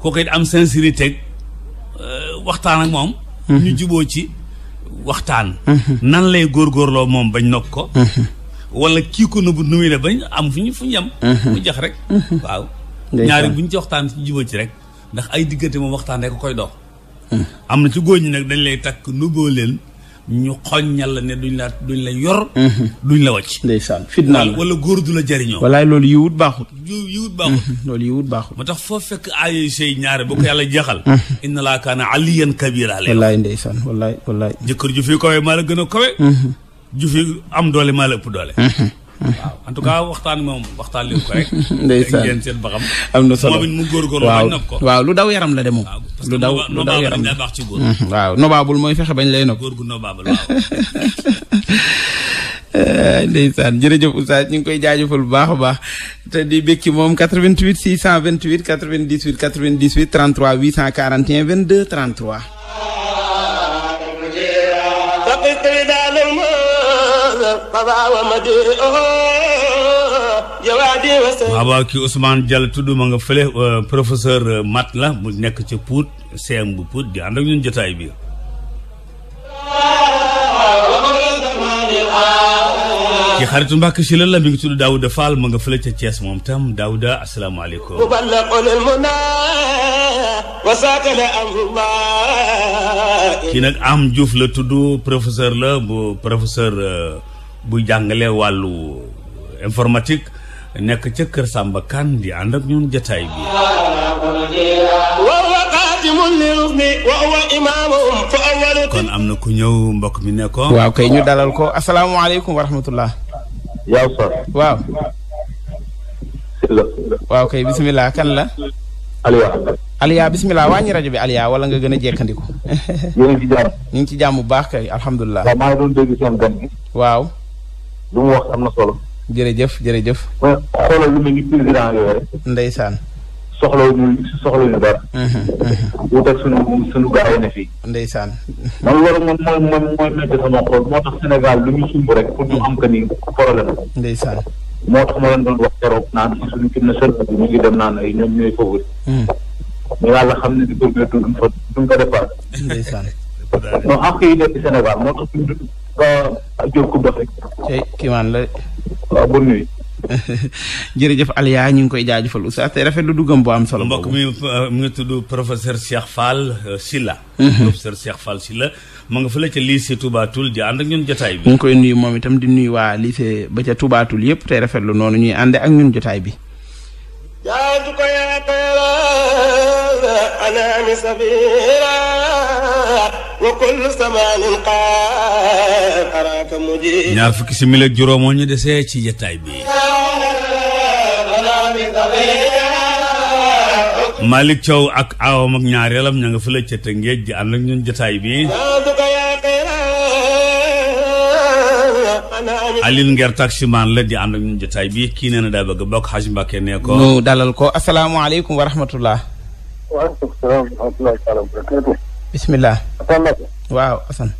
kooku it am sincérité euh, waxtaan ak moom. Mhm. ñu juboo ci waxtaan. Mhm. nan lay góor góorloo moom bañ nokk ko. Mhm. wala kii ko nëbbu nu muy ne bañ am fu ñu fu ñu yem. mu jax rek. waaw ñaari bu ñu ci waxtaan ci juboo ci rek ndax ay diggante moom waxtaan rek koy dox. am na ci góor ñi nag dañ lay takk nëbboo leen. ñu xoññal la ne duñ la duñ la yor. Mhm. duñ la wàcc. ndeysaan fitna la wala góor du la jariñoo. walaay loolu yiwut baaxut. yu yiwut baaxut. Mhm, loolu yiwut baaxut. moo tax foo fekk ay say ñaare bu ko mhm. yàlla jeexal. inna laa kaana aliyan kabira la. wallaay ndeysaan wallaay wallaay. jëkkër ju fi kawe maa la gën a kawe. ju am doole maa la ëpp doole. waaw en tout cas waxtaan moom waxtaan leen ko rek. ndeysaan ngeen seet ba xam. am na solo moom it mu góorgóorlu. waaw waaw lu daw yaram la de moom. lu daw lu daw yaram mm-hmm. waaw nobaabul mooy fexe bañ lay nopp góor gu nobaabul waaw eh, ndeysaan jërëjëf oustaz ñu ngi koy jaajëfal bu baax a baax te di bëgg ci moom 88 628 98 98 33 841 22 33 قضى ومديئه waaw waaw kii Ousmane Diallo tudd ma nga fële euh, professeur euh, mat la mu nekk ca Pout CM bu Pout di ànd ak ñun jotaay bi. ki xaritu Mbàkke si la la mi ngi tudd Daouda Fall ma nga fële ca Thiès moom tam Daouda asalaamaaleykum. kii nag am Diouf la tudd professeur la bu professeur euh, bu jàngale wàllu informatique. nekk ca kër Samba Kane di ñun jotaay bi. kon am na ku ñëw mbokk mi ne ko. waaw kay ñu dalal ko asalaamaaleykum wa rahmatullah. yow sor waaw. waaw kay kan la. Aliya. Aliya waa ñu rajo bi Aliya wala nga gën a jekkandiku. ñu ci jàmm. bu baax kay alhamdulilah. waaw jërëjëf jërëjëf. waaw xoolal lu mu ngi président yooyu ndeysaan. soxlawuñu soxlawuñu dara. wut mhm, mhm. ak sunu sunu gars yi ne fii. ndeysaan. man mooy mooy sama xol moo tax Sénégal lu ñu sumb rek pour ñu am que ni problème la. moo tax ma naan si suñu kii na sën bi ñu ngi dem naan ay ñoom ñooy favori. Mhm. mais yàlla xam ne di bëgg a dund fa duñ ko defar. ndeysaan. non ak yi nekk Sénégal moo tax Diop ku bos rek. tey kii maan jërëjëf Aliya ñu ngi koy jaajëfal oustaz tey rafet lu duggam bu am solo. mbokk mu ngi tudd professeur Cheikh Fall euh, Silla. Mhm. professeur Cheikh Fall Silla mu nga fële ca lycée Toubatoul ja ànd ak ñun jotaay bi. ñu koy nuyu moom itam di nuyu waa lycée ba ca Toubatoul yëpp tey rafetlu noonu ñuy ànd ak ñun jotaay bi. ñaar fukki simili ak juróom moo ñu desee ci jataay bi Malick Thiaw ak aawam ak ñaareelam ña nga fa la ca Tëngéej di ànd ak ñun jataay bi Aline Nguer taximan la di ànd ak ñun jataay kii nee na daa bëgg a bokk Hadj Mbacke nee ko nu dalal ko asalaamaaleykum wa rahmatullah wa rahmatullah bisimilah. waaw Assane.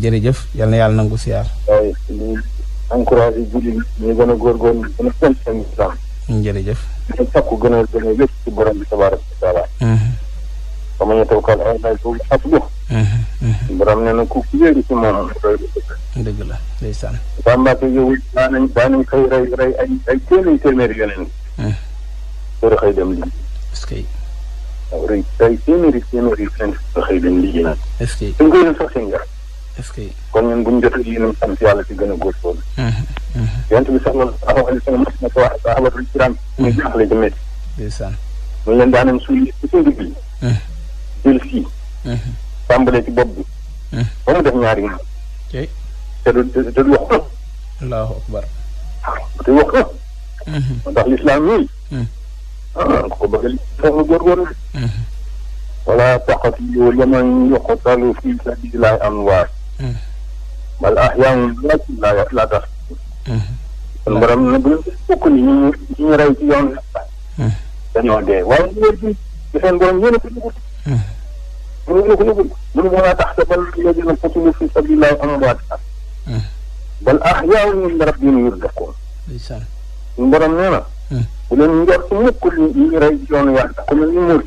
jërëjëf yal na yàlla nangu siyaar. waaye ñu encouragé jullit ñu gën a góorgóorlu gën a seen seen islam. jërëjëf. ñu sakku gën a gën a wécc ci borom bi tabaaraka na ku koy rey rey ay ay téeméeri téeméeri yeneen. loolu xëy dem lii. waaw rëy ay téeméeri téeméeri seen xëy dañ liggéey naan. est-ce que dañ koy dem sax seen yaram. est-ce que kon ñun bu jot a ji nañ sant yàlla ci gën a góorgóorlu. yonent bi sallallahu alayhi wa sallam mas mm. na ko wax sahabatul kiram. ñu jaaxle ci métti. ndeysaan. ñu leen daanam suy ci suñu digg. jël ci bopp bi. ba mu def ñaari ñaar. te du te du wax. allahu akbar. waaw te du wax. ndax lislaam yooyu. ah ku bëgg li mu góorgóorlu. Mm-hmm. wala taqtuluu liman yuqtalu fi sabiilillaahi amwaat. bal ahyaa'un mm-hmm. walaakin ah, laa tash'uruun. Mm-hmm. kon borom nag bu ñu fukk ni ñu ñu rey ci yoon bi. dañoo dee waaye ñu ngi ci seen borom yéen a ko dugg. mënuñu ko dugg mënuñu ah, ko tax bal llaziina qutiluu fi sabiilillaahi amwaat. bal ahyaa'un inda rabbihim yurzaqun. borom bu leen njort mukk li ñu rey yoonu yàlla ku mel ni muur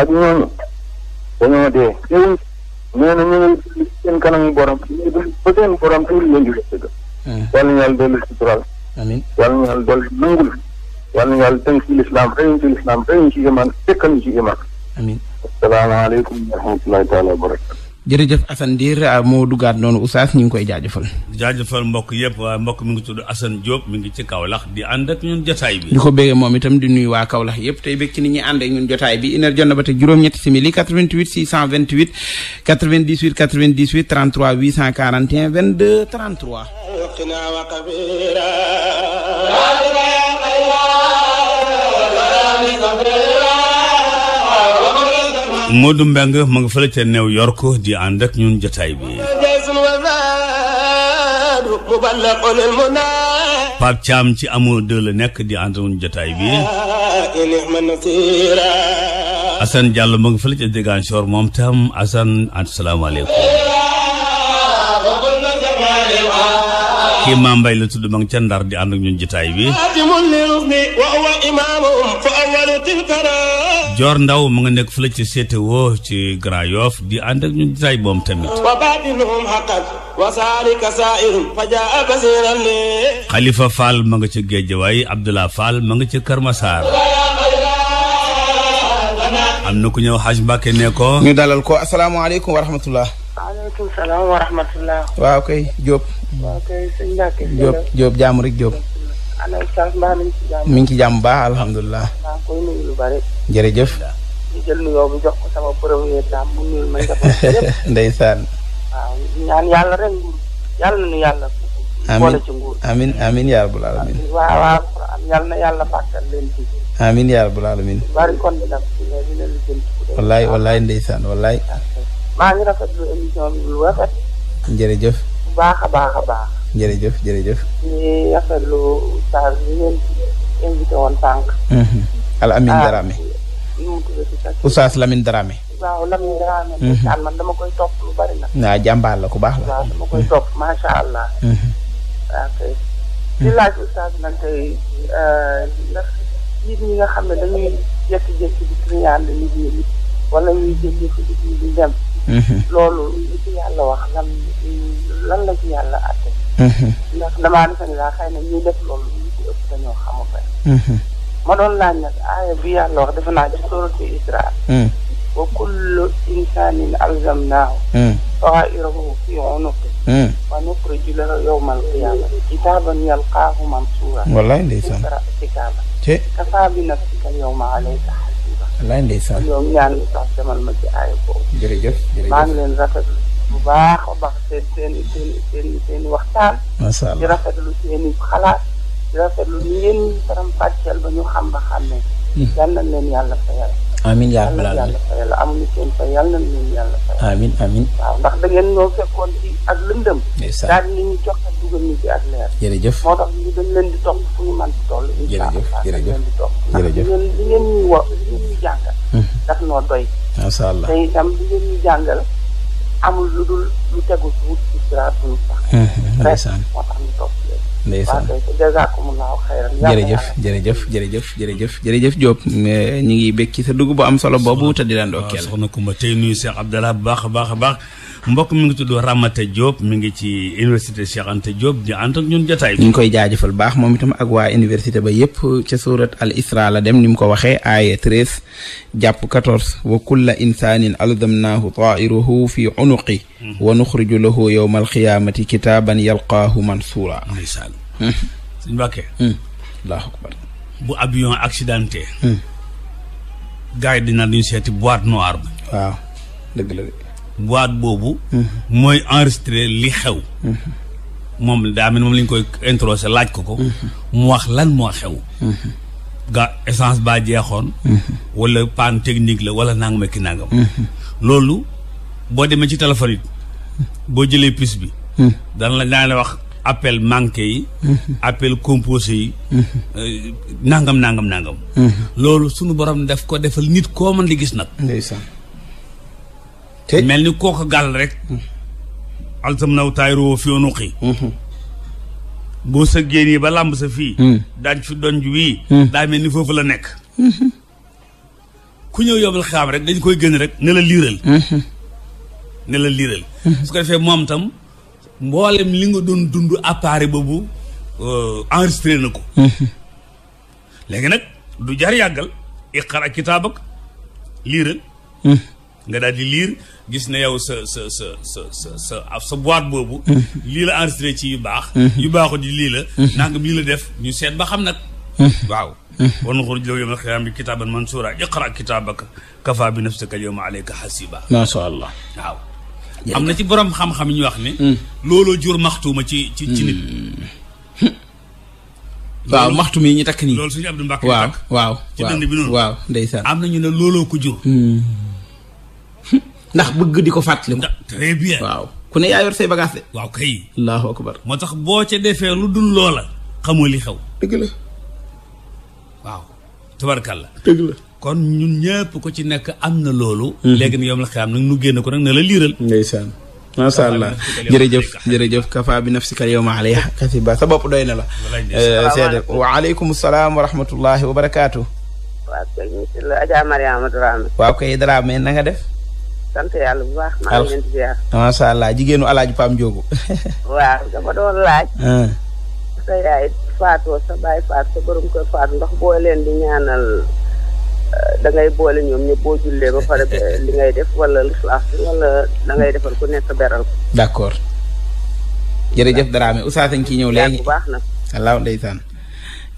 ak ñooñu dañoo dee ñëw nee na ñu ngi seen kanamu borom ba seen borom tuuli leen di la sëgg yàlla ñu yàlla dolli sutural amiin yàlla ñu yàlla dolli nangul yàlla ñu yàlla tënk ci lislaam rëyuñ ci lislaam rëyuñ ci iman fekkañu ci iman amiin asalaamaaleykum wa rahmatullahi taala wa barakatu jërëjëf Assane Dir ah, moo noonu Oustaz ñu ngi koy jaajëfal. jaajëfal mbokk yëpp waaye ah, mbokk mi ngi tudd Assane Diop mi ngi ci Kaolack di ànd ak ñun jotaay bi. di ko béggee moom itam di nuyu waa Kaolack yëpp tey bëgg ci ni ñuy ànd ak ñun jotaay bi une heure jot na ba tey juróom-ñetti simili 88 628 98 98 33 841 22 33. Modou Mbengue mu ngi fële ca New York di ànd ak ñun jotaay bi Pape Thiam ci amoo de la nekk di ànd ak ñun jotaay bi Assane Diallo ma nga fële ca Déganchor moom tam Assane asalaamaaleykum kii maam mbay la tudd ma ngi ca ndar di ànd ak ñun jitaay bi joor ndaw mu nga nekk fële ci CTO ci Grand Yoff di ànd ak ñun jitaay boom tamit xalifa Fall ma nga ca Géejawaay Abdullah Fall ma nga ca Kër am na ku ñëw xaaj Mbàkke ne ko dalal ko asalaamaaleykum wa rahmatullah maaleykum salaam wa rahmatulah. waaw kay Diop. waaw kay sëñ Mbacke. Diop Diop mi ngi ci jàmm. mi baax alhamdulilah. maa ngi koy nuyu lu bari. jërëjëf. ñu jël nuyoo bu jox yaa rabbal aalamiin. waaw waaw yal na maa ngi rafetlu émission bi lu jërëjëf. bu baax a baax a baax. jërëjëf jërëjëf. ñu rafetlu saa yi ngeen invité woon tànk. Mhm. al Amin ah, Darame. Oustaz Lamine Darame. waaw Lamine Darame. Mhm. ndeysaan man dama koy topp lu bari la. waaw jàmbaar la ku baax la. waaw dama koy mhm. topp macha allah. waaw kay. di laaj Oustaz nag tey euh, ndax nit ñi nga xam ne dañuy jékki nit ñi dem. Mm-hmm. loolu li ci yàlla wax lan lan la ci yàlla àtte. Mm-hmm. ndax damaa defe ne daal xëy na ñuy def loolu ñu ci ëpp dañoo xamu ko. Mm-hmm. ma doon laaj aaya bi yàlla wax defe naa def sóoratu Isra. Mm. wa kullu insaanin alzamnaahu. Mm. ta'irahu fi unuqihi. Mm. wa nukhriju lahu yawmal qiyaamati kitaaban yalqaahu mansuuraa. wallaay ndeysaan. ikra kitaabaka kafaa bi nafsika wallaay ndeysaan ñoom ñaan lu tax demal ma ci aay boobu. jërëjëf jërëjëf maa ngi leen rafetlu bu baax a baax seen seen seen seen seen waxtaan. macha allah di rafetlu seen i xalaat. di rafetlu ni ngeen faram fàcceel ba ñu xam ba xam ne. Hmm. yal nañ leen yàlla fayal. amiin yaa rabbal aalamiin yàlla amuñu seen fay yàlla nañu leen yàlla fay. amiin amiin waaw ndax da ngeen ñoo fekkoon ci ak lëndëm. ndeysaan daal ñu jox ak dugal ñu ci ak leer. jërëjëf moo tax ñu dañ leen di topp fu ñu mën di toll. jërëjëf di topp. jërëjëf li ngeen ñuy wax li ngeen ñuy jàngal. Mhm. daf noo doy. macha allah te li ngeen ñuy jàngal amul lu dul lu tegu ci wut ci siraatul mhm, sax. moo tax ñu topp. ndeysaan jërëjëf jërëjëf jërëjëf jërëjëf jërëjëf Diop ñu ngi békk ci sa bu am solo boobu te di leen dokkeel soxna Kumba tey nuyu Cheikh Abdallah bu baax a baax a baax mbokk mi ngi tudd Ramata Diop mi ngi ci université Cheikh Anta Diop di ànd bi. ñu koy jaajëfal baax moom itam ak waa université ba yépp ca surat al isra la dem ni mu ko waxee aaya 13 jàpp 14 wa kulla insaanin alzamnaahu taa'iruhu fi unuqi mhm. wa nuxriju lahu yowma alqiyaamati kitaaban yalqaahu mansuura hmm. hmm. hmm. dina duñ seeti boîte boîte boobu. mooy enregistré li xew. moom daa mel moom la koy introsé laaj ko ko. mu wax lan moo xew. ga essence baa jeexoon. wala panne technique la wala nangam ki nangam. loolu boo demee ci téléphone it boo jëlee puce bi. dana la daan la wax. appel manqué yi appel composé yi nangam nangam nangam mm-hmm. loolu sunu borom daf ko defal nit koo mën di gis nag ndeysaan te mel ni kooku gàll rek. Hmm. alsam naw taayro fi nuqi hmm. boo sa géen ba làmb sa fii hmm. daañ fi donj wii daa mel ni foofu la nekk ku ñëw yombal xaam rek dañ koy gën rek ne la liiral ne la liiral su ko defee moom tam mboolem li nga doon dund appareil boobu euh, enregistré na ko léegi nag du jar yàggal iqra kitaabak liiral nga daal di liir gis na yow sa sa sa sa sa sa sa boîte boobu. Mm-hmm. lii la enregistré ci yu baax. Mm-hmm. yu baaxu di lii la. bi mm-hmm. lii la def ñu seet ba xam nag. waaw. wan xuruj law yawmal qiyaamati kitaaban mansuura iqra waaw. am na ci borom xam-xam ñu wax ne. Mm. looloo jur maxtuuma ci ci ci nit. waaw maxtu mi ñu takk nii. loolu suñu Abdou Mbacke. waaw waaw waaw am na ñu ne looloo ko jur. Mm. ndax bëgg di ko fàttaliku. très bien waaw ku ne yaa yor say bagages de. waaw kay. moo tax boo ca defee lu dul loola. xamoo li xew. dëgg la. waaw tabarkalla. dëgg la kon ñun ñëpp ko ci nekk am na loolu. Mhm. léegi nag yow la xam nag nu génn ko nag na la liiral. ndeysaan. macha allah jërëjëf jërëjëf kafa bi nafsika yowma alayha sa bopp doy na la eh, seede waaleykum salaam wa rahmatullahi wa barakaatu waaw kay Adja Mariama Dramé def sant yàlla bu baax. na ngi leen di ziar. jigéenu Alaaji Pam Njoogu. waaw dafa doon laaj. Ah. sa yaay faatoo sa baay faat sa borom kër faat ndax boo leen di ñaanal euh, da ngay boole ñoom ñëpp boo jullee ba pare li ngay def wala lixlaas wala da ngay defal ku nekk beral ko. d'accord jërëjëf Dramé Oustaz a ngi ciy ñëw léegi. bu baax na. alaaw ndeysaan.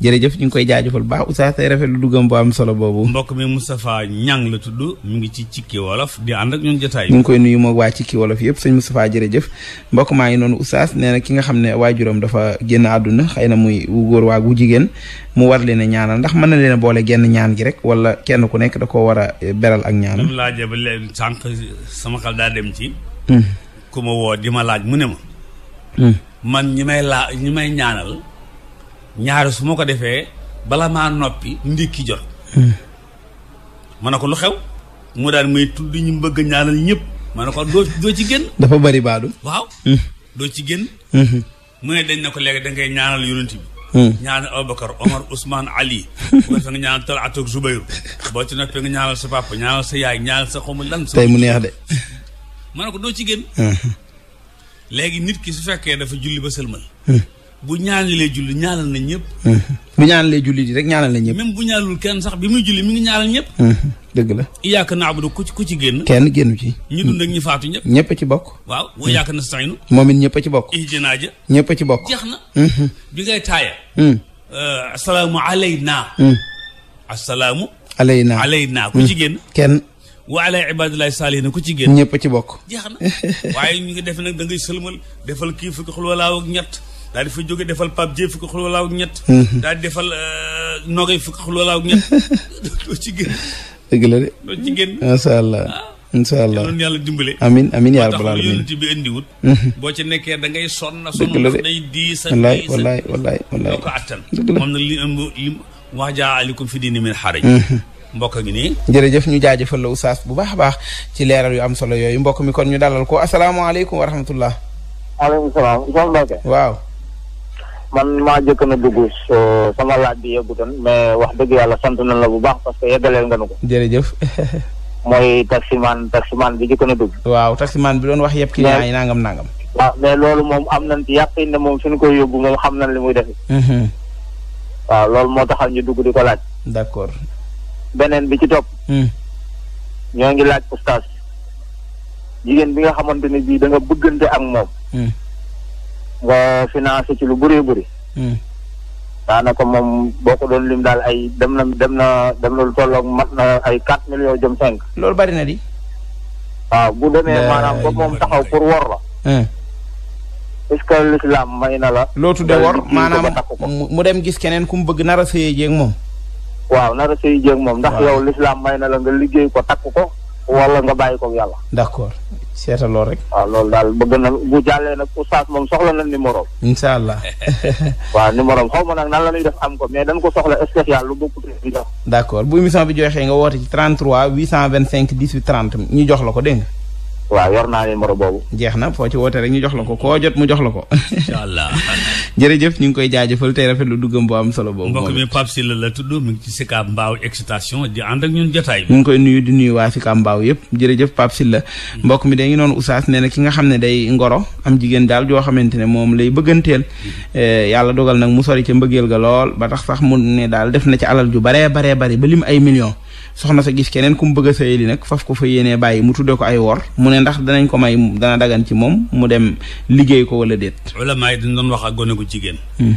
jërëjëf ñu ngi koy jaajëfal baax Oustaz tey rafet lu duggam bu am solo boobu mbokk mi Moustapha Ñang la tudd mu ngi ci Cikki Wolof di ànd ak ñun jotaay ñu ngi koy nuyu moog waa Cikki Wolof yëpp sëñ Moustapha jërëjëf mbokk maa ngi noonu Oustaz nee na ki nga xam ne waajuram dafa génn àdduna xëy na muy wu góor waa gu jigéen mu war leen ñaanal ndax mën na leen boole genn ñaan gi rek wala kenn ku nekk da koo war a e, beral ak ñaanam dam laajee ba leen sànq sama xel daa dem ci hmm. ku ma woo di ma laaj mu ne ma hmm. man ñaari su ma ko defee bala maa noppi ndékki jot hmm. ma ne ko lu xew mu daan may tudd ñu bëgg a ñaanal ñëpp ma ne ko doo ci génn dafa bari baadu waaw hmm. doo ci génn hmm. mu ne dañ ne ko léegi da ngay ñaanal yonent bi ñaanal Aboubacar Omar Ousmane Ali boo defee nga ñaanal Talhat ak Zubayru boo ci noppee nga ñaanal sa papa ñaanal sa yaay ñaanal sa xaw ma lan tey mu neex de ko doo ci génn léegi nit ki su fekkee dafa julli ba sëlmal bu ñaanalee julli ñaanal na ñëpp. bu ñaanalee julli ji rek ñaanal na ñëpp. même bu ñaanalul kenn sax bi muy julli mi ngi ñaanal ñëpp. dëgg la. iyaaka naabudu ku ci ku ci génn. kenn génnu ci. ñu dund ñu faatu ñëpp. ñëpp ci bokk. waaw wa iyaaka nasta'inu. moom ñëpp ci bokk. ihdinaa ja. ñëpp a ci bokk. jeex na. bi ngay taaya. Hmm. Euh, asalaamu alaynaa. Hmm. asalaamu. alaynaa alaynaa ku hmm. ci génn. kenn. wa ala ibadillahi saalihin ku ci ñëpp ci bokk. jeex na waaye ñu ngi def nag da ngay sëlmal defal kii fukki xul walaaw ak ñett daal di jóge defal Pape Dieng fukki xul walaaw ñett. Mhm. daal defal euh, Nogay fukki xul walaaw ñett doo ci génn. dëgg la de doo ci génn. macha allah incha ah. allah yal na yàlla dimbale. amiin amiin yaa boo ci nekkee da ngay sonn. dëgg la de sonn day mbokk gi nii. jërëjëf ñu jaajëfal la bu baax a baax ci leeral yu am solo yooyu mbokk mi kon ñu dalal ko asalaamaaleykum wa rahmatullah. waaw. man maa njëkk na dugg sama laaj bi yeggutoon mais wax dëgg yàlla sant nañ la bu baax parce yeggaleel nga nu ko. jërëjëf. mooy taximaan taximaan bi njëkk na dugg. waaw taximaan bi doon wax yëpp. client yi nangam nangam. waaw mais loolu moom am na ci yàq ne moom suñu koy yóbbu moom xam nañ li muy defi mhm. waaw loolu moo taxal ñu dugg di ko laaj. d'accord. beneen bi ci topp. Hmm. ñoo ngi laaj oustaz jigéen bi nga xamante ne bii da nga bëggante am moom. Hmm. nga financé ci lu bëree bëri. Hmm. daanaka moom boo ko doon lim daal ay dem na dem na dem na lu tolloog mat na ay 4 millions jëm cinq loolu bari na di. waaw bu demee maanaam ba moom taxaw pour wor la. Hmm. est-ce que may na la. lootu de wor maanaam mu dem gis keneen ku mu bëgg nar a sëy jéeg moom. waaw nara a sëy jéeg moom. ndax yow lislaam may na la nga liggéey ko takk ko wala nga bàyyi ko yàlla. d'accord seetal rek. waaw loolu daal bëgg na bu jàllee nag oustaz moom soxla na numéro. incha allah. waaw numéro xaw ma nag nan la ñuy def am ko mais dañ ko soxla spécial lu bokkut d' accord bu émission bi joxee nga woote ci 33 825 18 30 ñu jox la ko dégg waaw yor naa numéro boobu. jeex na foo ci woote rek ñu jox la ko koo jot mu jox la ko. allah jërëjëf ñu ngi koy jaajëfal te rafet lu duggam bu am solo boobu. mbokk mi Pape la tudd ngi ci Sika Mbaaw excitation di ànd ak ñun jotaay bi. ngi koy nuyu di nuyu waa Mbaaw yëpp jërëjëf Pape Sylla mm. mbokk mi dañu noonu Oustaz nee na ki nga xam ne day ngoro am jigéen daal joo xamante ne moom lay bëgganteel mm. eh, yàlla dogal nag mu sori ca mbëggeel ga lool ba tax sax mu ne daal def na ci alal ju baree baree bari ba lim ay millions soxna sa gis keneen ku mu bëgg a sëyali nag faf ko fa yéenee bàyyi mu tudde ko ay wor mu ne ndax danañ ko may dana dagan ci moom mu dem liggéey ko wala déet ulama yi dañ doon wax ak gone gu jigéen hmm.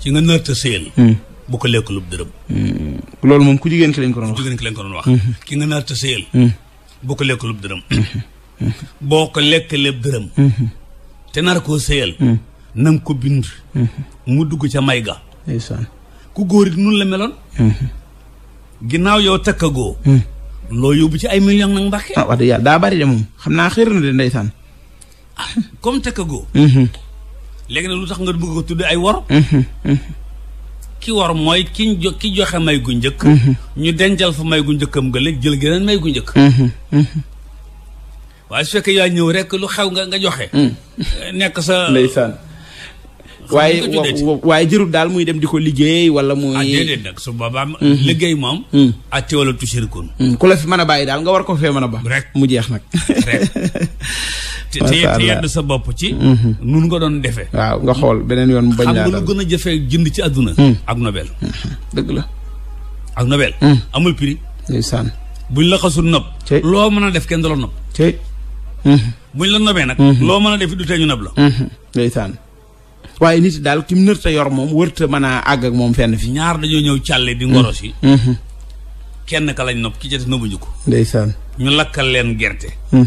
ci nga nërta hmm. ko lekk lu hmm. loolu moom ku jigéen ki lañ ko doon wax ku ki lañ ko doon wax ki nga nërta sëyal bu ko lekk lu dërëm boo ko lekk lépp dërëm te nar koo sëyal nanga ko bind mu dugg ca may ga ku góor it nun la meloon ginnaaw yow takkagoo. Hmm. loo yóbbu ci ay millions nag Mbàkke. ah wax dëgg yàlla daa bari de moom xam naa xër na de ndeysaan. ah comme takkagoo. Hmm. léegi nag lu tax nga bëgg ko tudd ay wor. Hmm, ki wor mooy ki jo joxe may gu njëkk. ñu dencal fa may gu njëkkam ga léegi jël geneen may gu njëkk. waaye su fekkee yaa ñëw rek lu xew nga nga joxe. nekk sa ndeysaan. waaye waaye jërul daal muy dem di ko liggéey wala muy. ah nag su boobaam. Mm-hmm. liggéey moom. àtte mm-hmm. wala tusirikun. Mm-hmm. ku la fi man a bàyyi daal nga war ko fee mën a ba. rek mu jeex nag. rek te te yedd sa bopp ci. nun nga doon defee. nga xool beneen yoon mu bañ. laa gën a jafee jënd ci àdduna. ak nobel. dëgg la. ak nobel. amul prix. ndeysaan. buñ la xasul nopp. loo mën a def kenn du la nopp. buñ la nobee nag. loo mën a def du tee ñu nopp la. ndeysaan. waaye nit daal ki mu nërta yor moom wërta mën a àgg ak moom fenn fi ñaar dañoo ñëw càlle di ngoro si mm-hmm. kenn ka lañ nopp ki jëte nëbbuñu ko ndeysaan ñu lakkal leen gerte mm.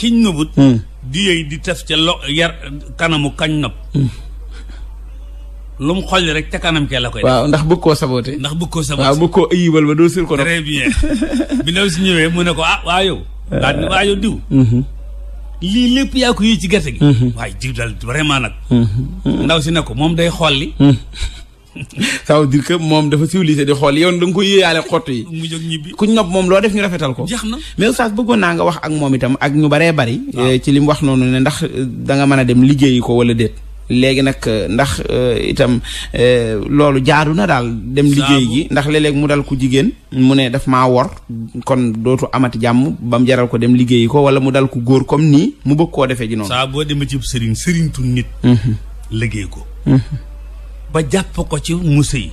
kiñ nëbbut mm. di yëy di taf ca lo yar kanamu kañ nopp mm. lu mu xolli rek ca kanam kee la koy waaw ndax bëgg koo saboote ndax bëgg koo saboté waaw bëgg koo ayibal ba doo sër ko très bi ndaw si ñëwee mu ne ko ah waa yow waa yow diw mm-hmm. lii lépp yaa ko yii ci gerte gi. Mhm. waaye jiw daal vraiment nag. Mhm. ndaw si ne ko moom day xool mhm. ça veut dire que moom dafa civilisé di xool yoon da nga ko yéeyaale xott yi. mu jóg ñibbi kuñ nopp moom loo def ñu rafetal ko. jeex na mais oustaz bëggoon naa nga wax ak moom itam ak ñu baree bari. Eh, ci li mu wax noonu ne ndax eh, danga mën a dem liggéeyi ko wala déet. léegi nag euh, ndax euh, itam euh, loolu jaadu na daal dem liggéey gi ndax léeg mu dal ku jigéen mu ne daf ma wor kon dootu amati jàmm ba mu jaral ko dem liggéeyi ko wala mu dal ku góor comme nii mu bëgg koo defee ji noonu saa boo demee ci sëriñ sëriñtu nit mhm. liggéey ko mhm. ba jàpp ko ci mu sëy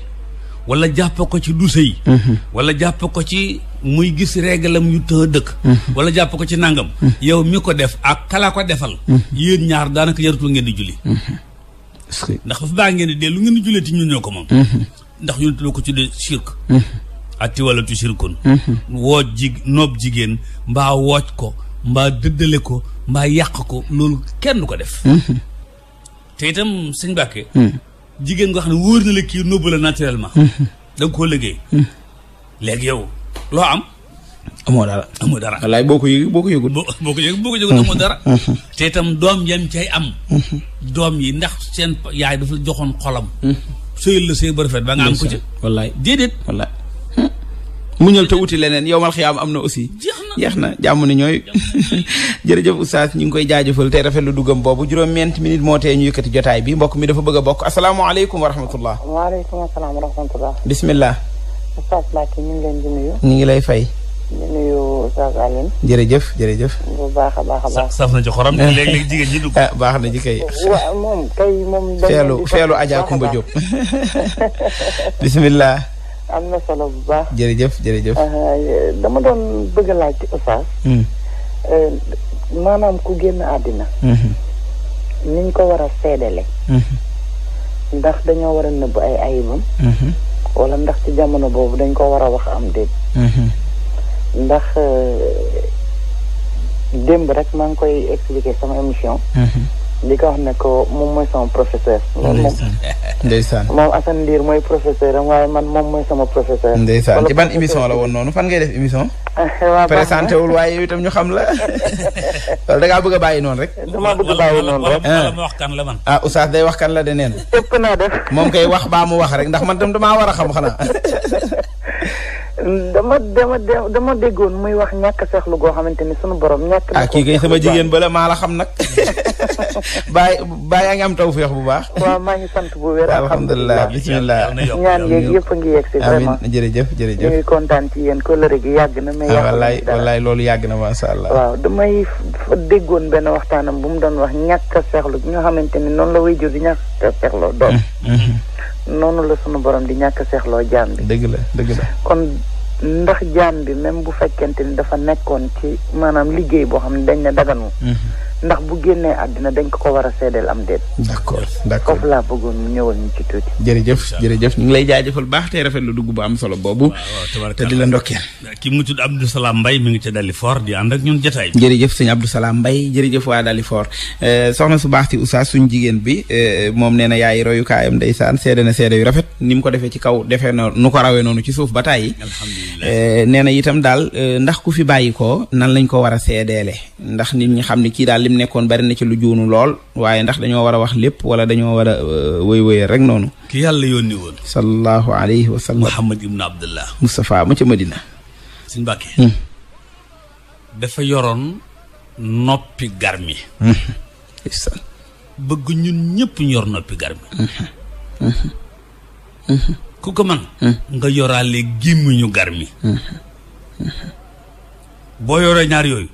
wala jàpp ko ci du sëy mhm. wala jàpp ko ci muy gis régalam yu të dëkk wala jàpp ko ci nangam yow mi ko def ak kalaa ko defal yéen ñaar daanaka yaratul ngeen di julli ndax fa baa ngeen di dellu ngeen di ñu ñun ñoo ko moom. Mhm. ndax ñun loo ko tuddee sirk. Mhm. ati wala tu sirkun. Mhm. wooj ji noob jigéen mbaa wooj ko mbaa dëddale ko mbaa yàq ko loolu kenn du ko def. te itam sëñ Bakke. jigéen nga xam ne wóor na la kii nóbbu la naturellement. da koo liggéey. léegi yow loo am. amoo dara amoo dara. wallaay boo ko yëg boo ko yëgul. boo boo ko yëg boo ko yëgul amoo dara. te itam doom yam cay am. Mhm. doom yi ndax seen yaay dafa joxoon xolam. Mhm. sëyal la sëy ba rafet ba nga am ko ci. wallaay déedéet wallaay. Hmm. muñal te wuti leneen yow mal xiyaam am na aussi. jeex na jàmm ni ñooy jërëjëf oustaz ñu ngi koy jaajëfal tey rafet lu duggam boobu juróom-ñeent minute moo tee ñu yëkkati jotaay bi mbokk mi dafa bëgg a bokk asalaamaaleykum wa rahmatullah. waaleykum salaam wa rahmatullah. bismillah. oustaz Mbacke ñu ngi leen di nuyu. ñu ngi lay fay. di nuyu Oustaz Alioune. jërëjëf jërëjëf. bu baax a baax a baax. saf na ci xorom eh. léeg jigéen ñi dugg. Eh, baax na ci kay. moom kay moom. feelu feelu Adja Kumba Diop. am na solo bu baax. jërëjëf jërëjëf. dama doon bëgg laaj ci Oustaz. Hmm. Eh, maanaam génn àddina. Hmm. ni ñu ko war a le hmm. ndax dañoo war a nëbb ay ayibam. wala ndax ci jamono boobu dañ ko war a wax am déet. ndax euh, démb rek maa ngi koy expliquer sama émission. Mhm. di ko wax na ko moom mooy sama professeur. ndeysaan ndeysaan moom Assane Ndiir mooy professeur am waaye man moom mooy sama professeur. ndeysaan ci ban émission la woon noonu fan ngay def émission. waaw wul waaye itam ñu xam la. wala da ngaa bëgg a bàyyi noonu rek. dama bëgg noonu rek. Ah. la man. ah Oustaz day wax kan la de neen. képp naa def. moom kay wax baa mu wax rek ndax man tam damaa war a xam xanaa. dama dama dama déggoon muy wax ñàkk seexlu goo xamante ni sunu borom ñàkk na. ah kii kay sama jigéen bala maa la xam nag bàyyi bàyyi a ngi am tawféex bu baax. waaw maa ngi sant bu wér. alhamdulilah bisimilah ñaan yeeg yëpp a ngi yegg si jërëjëf jërëjëf. ñu ngi kontaan ci yéen kóllëre gi yàgg na. mais ah, wallaay loolu yàgg na macha allah. waaw damay déggoon benn waxtaanam bu mu doon wax ñàkk seexlu ñoo xamante ni noonu la way jur di ñàkk seexloo doon. Mm-hmm. noonu la sunu borom di ñàkk seexloo jaam bi. dëgg la dëgg la kon ndax jaam bi même bu fekkente ni dafa nekkoon ci maanaam liggéey boo xam ne dañ ne daganoo mhm. ndax bu génnee àddina dañ ko ko war a seedeel am déet. d' accord d' laa bëggoon mu ñëwal ñu ci tuuti. jërëjëf jërëjëf ñu ngi lay jaajëfal baax te rafet lu dugg bu am solo boobu. te di la ndokkeel. ki mu tudd Abdou Salam Mbaye mi ngi ca Dalifort di ànd ak ñun jotaay bi. jërëjëf sëñ Abdou Salam Mbaye jërëjëf waa Dalifort eh, soxna su baax ti oustaz suñ jigéen bi eh, moom nee na yaay royukaayam ndeysaan seede na seede yu rafet ni mu ko defee ci kaw defee na nu ko rawee noonu ci suuf ba tàyyi. alhamdulilah eh, nee na itam daal ndax ku fi bàyyi ko nan lañ ko war a seedeele ndax nit ñi lim nekkoon bari na ci lu juunu lool waaye ndax dañoo war a wax lépp wala dañoo war a euh, wëy wëyee rek noonu. ki yàlla yónni woon. sallallahu alayhi wa sallam. Muhammad ibn Abdullah. Moustapha ma ca hmm. dafa yoroon noppi garmi. Hmm. bëgg ñun ñëpp ñor noppi garmi. Hmm. ku ko man nga yoraale gémmiñu garmi. boo yoree ñaar yooyu.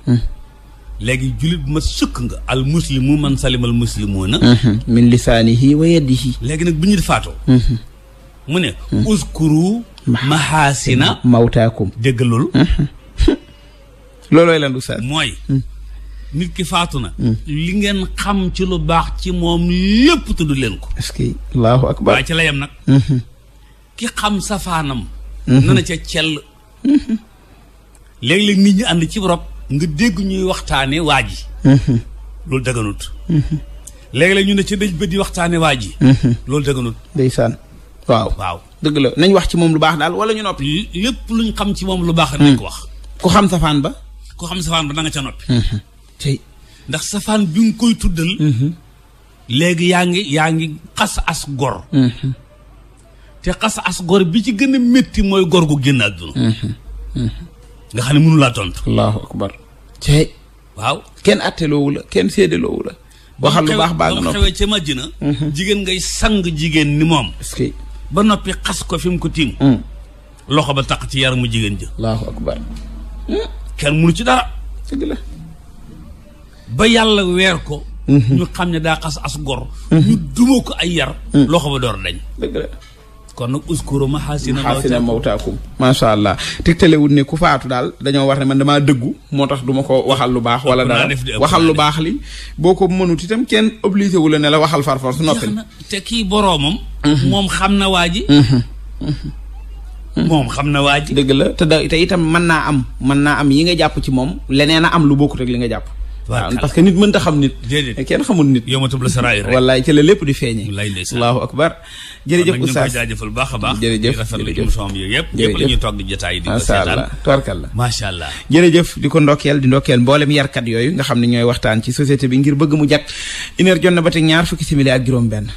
léegi jullit bu ma sëkk nga al muslimu man salimal muslimuuna mhm. min lisaanihi wa yadihi léegi nag bu ñu faatoo mhm. mu ne mhm. uskuru mahaasina mawtaakum dégg loolu loolooy lan oustaz mooy nit ki faatu na li ngeen xam ci lu baax ci moom lépp tudd leen ko est-ce que allahu akbar waaye ci la yem nag ki xam safaanam na na ca cell léeg-léeg nit ñi ànd ci rob nga dégg ñuy waxtaane waa ji mhm. loolu dëgganut mhm. léegi-léeg ñu ne ca dëj ba di waxtaane waa ji mhm. loolu dëgganut ndeysaan waaw waaw dëgg la nañ wax ci moom lu baax daal wala ñu noppi lépp luñ xam ci moom lu baax nañ ko wax ku xam safaan ba ku xam safaan ba na ca noppi tey ndax safaan bi nga koy tuddal léegi yaa ngi yaa ngi xas as gor te xas as gor bi ci gën a métti mooy gor gu génn àdduna nga xam ne mënulaa laa tontu cee waaw kenn atteloowu la kenn séedaloowu la xam lu baax baa nga noppi xewee ca Madina mhm. jigéen ngay sang jigéen ni moom ba noppi xas ko fi mu ko tiim mm. loxo ba taq ci mu jigéen ja allahu akbar hmm. kenn ci dara dëgg la ba yàlla weer ko mhm. ñu xam ne daa xas as gor mhm. ñu duma ko ay yar mm. loxo ba door dañ kon nag uskuru ma xaasina xaasina mawtaakum macha allah tegtalewul ne ku faatu daal dañoo wax ne man damaa dëggu moo tax du ko waxal lu baax wala dara waxal lu baax li boo ko mënut itam kenn obligé wu la ne la waxal farfar su noppi te kii boroomam mhm. moom xam na waa ji mhm. Mhm. moom xam na waa ji dëgg la te da te itam mën naa am mën naa am yi nga jàpp ci moom leneen a am lu bokkut te li nga jàpp waaw parce que nit mënta xam nit. déedéet kenn xamul nit. yomatul la saraay rek wallaay ci la lépp di feeñee. wallaay ndeysaan allahu akbar. jërëjëf oustaz kon nag ñu ngi koy a baax. jërëjëf allah jërëjëf di ko ndokkeel di ndokkeel mboolem yarkat yooyu nga xam ne ñooy waxtaan ci société bi ngir bëgg mu jàkk une jot na ba teg ñaar fukki simili ak juróom benn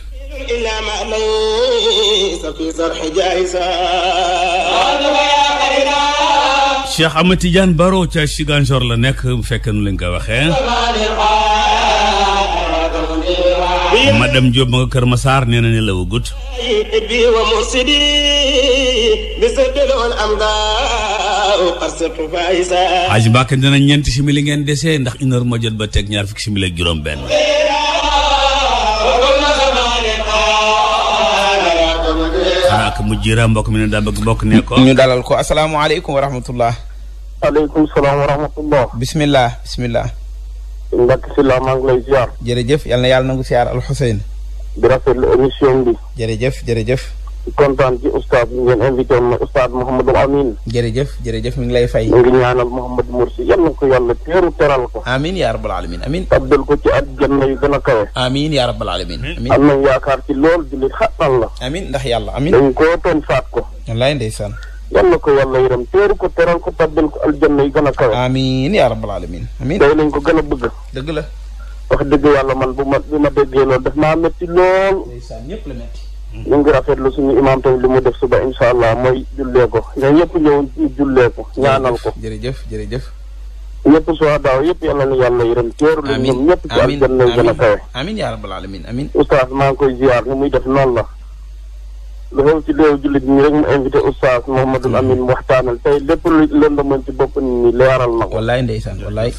Cheikh Ahmed Tidiane Baro ca Ziguinchor la nekk bu fekkee nu lañ ko waxee. madame Diop ma nga Kër Massar nee na ne la wugut. Aji Mbàkke dina ñeenti simili ngeen desee ndax une heure moo jot ba teg ñaar fukki simili ak juróom-benn. ak mu jiira mbokk mi ne daa bëgg bokk ne ko. ñu dalal ko asalaamaaleykum wa rahmatullah. aleykum salaam wa rahmatullah. bisimilah bisimilah. Mbacke Sylla maa ngi lay ziar. jërëjëf yal na yàlla nangu ziar Al Xuseyn. di rafetlu émission bi. jërëjëf jërëjëf. kontaan ci oustaz bi ngeen invité woon na oustaz Mouhamadou Amine. jërëjëf jërëjëf mi ngi lay fay. mi ngi ñaanal Mouhamadou Moursi yal ko yàlla teeru teral ko. amiin yaa rabbal alamin amiin. tabbal ko ci àjjana yu gën a kawe. amiin yaa rabbal alamin amiin. am nañ yaakaar ci lool di li xatal la. amiin ndax yàlla amiin. dañ koo toon faat ko. wallaay ndeysaan. yal na ko yàlla yërëm teeru ko teral ko tàbbal ko aljanna yi gën a kawe. amiin yaa rabbal alamin amiin day nañ ko gën a bëgg. dëgg la. wax dëgg yàlla man bu ma bu ma déggee loolu daf maa métti lool. ndeysaan ñëpp la métti. ñu ngi rafetlu suñu imaam tamit li mu def suba incha allah mooy jullee ko ñëpp ñëw ñu ko ñaanal ko. jërëjëf jërëjëf. ñëpp soo daaw yëpp yal na yàlla yërëm teeru lu ñoom ñëpp a kawe. amiin koy ziar ni muy def noonu la lu xew ci réew jullit ñi rek mu invité oustaz Mouhamadul Amin mu waxtaanal tey lépp lu lëndëmal ci bopp nit ñi leeral na ko. wallaay ndeysaan wallaay.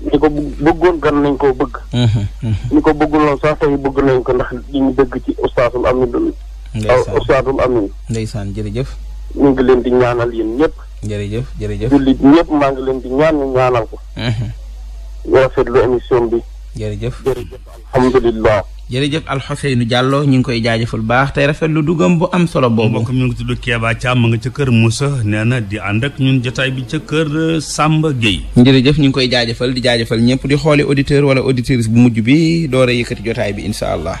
ñi ko bëggoon gan nañ koo bëgg. ñi mm-hmm, mm-hmm. ko bëgguloon sax tey bëgg nañ ko ndax li dëgg ci oustazul Amin. ndeysaan oustazul Amin. ndeysaan jërëjëf. mu ngi leen di ñaanal yéen ñëpp. jërëjëf jërëjëf jullit ñëpp maa ngi leen di ñaan ñaanal ko. Mm-hmm. rafetlu émission bi. jërëjëf jërëjëf alhamdulilah. jërëjëf Alxuseynu Diallo ñu ngi koy jaajëfal baax tey rafet lu dugam bu am solo boobu. mbokk mi ñu ngi tudd Kéba Thiam nga ca kër Moussa nee na di ànd ak ñun jotaay bi ca kër euh, Samba Gueye. jërëjëf ñu ngi koy jaajëfal di jaajëfal ñëpp di xooli auditeur wala auditrice bu mujj bi door a yëkkati jotaay bi incha allah.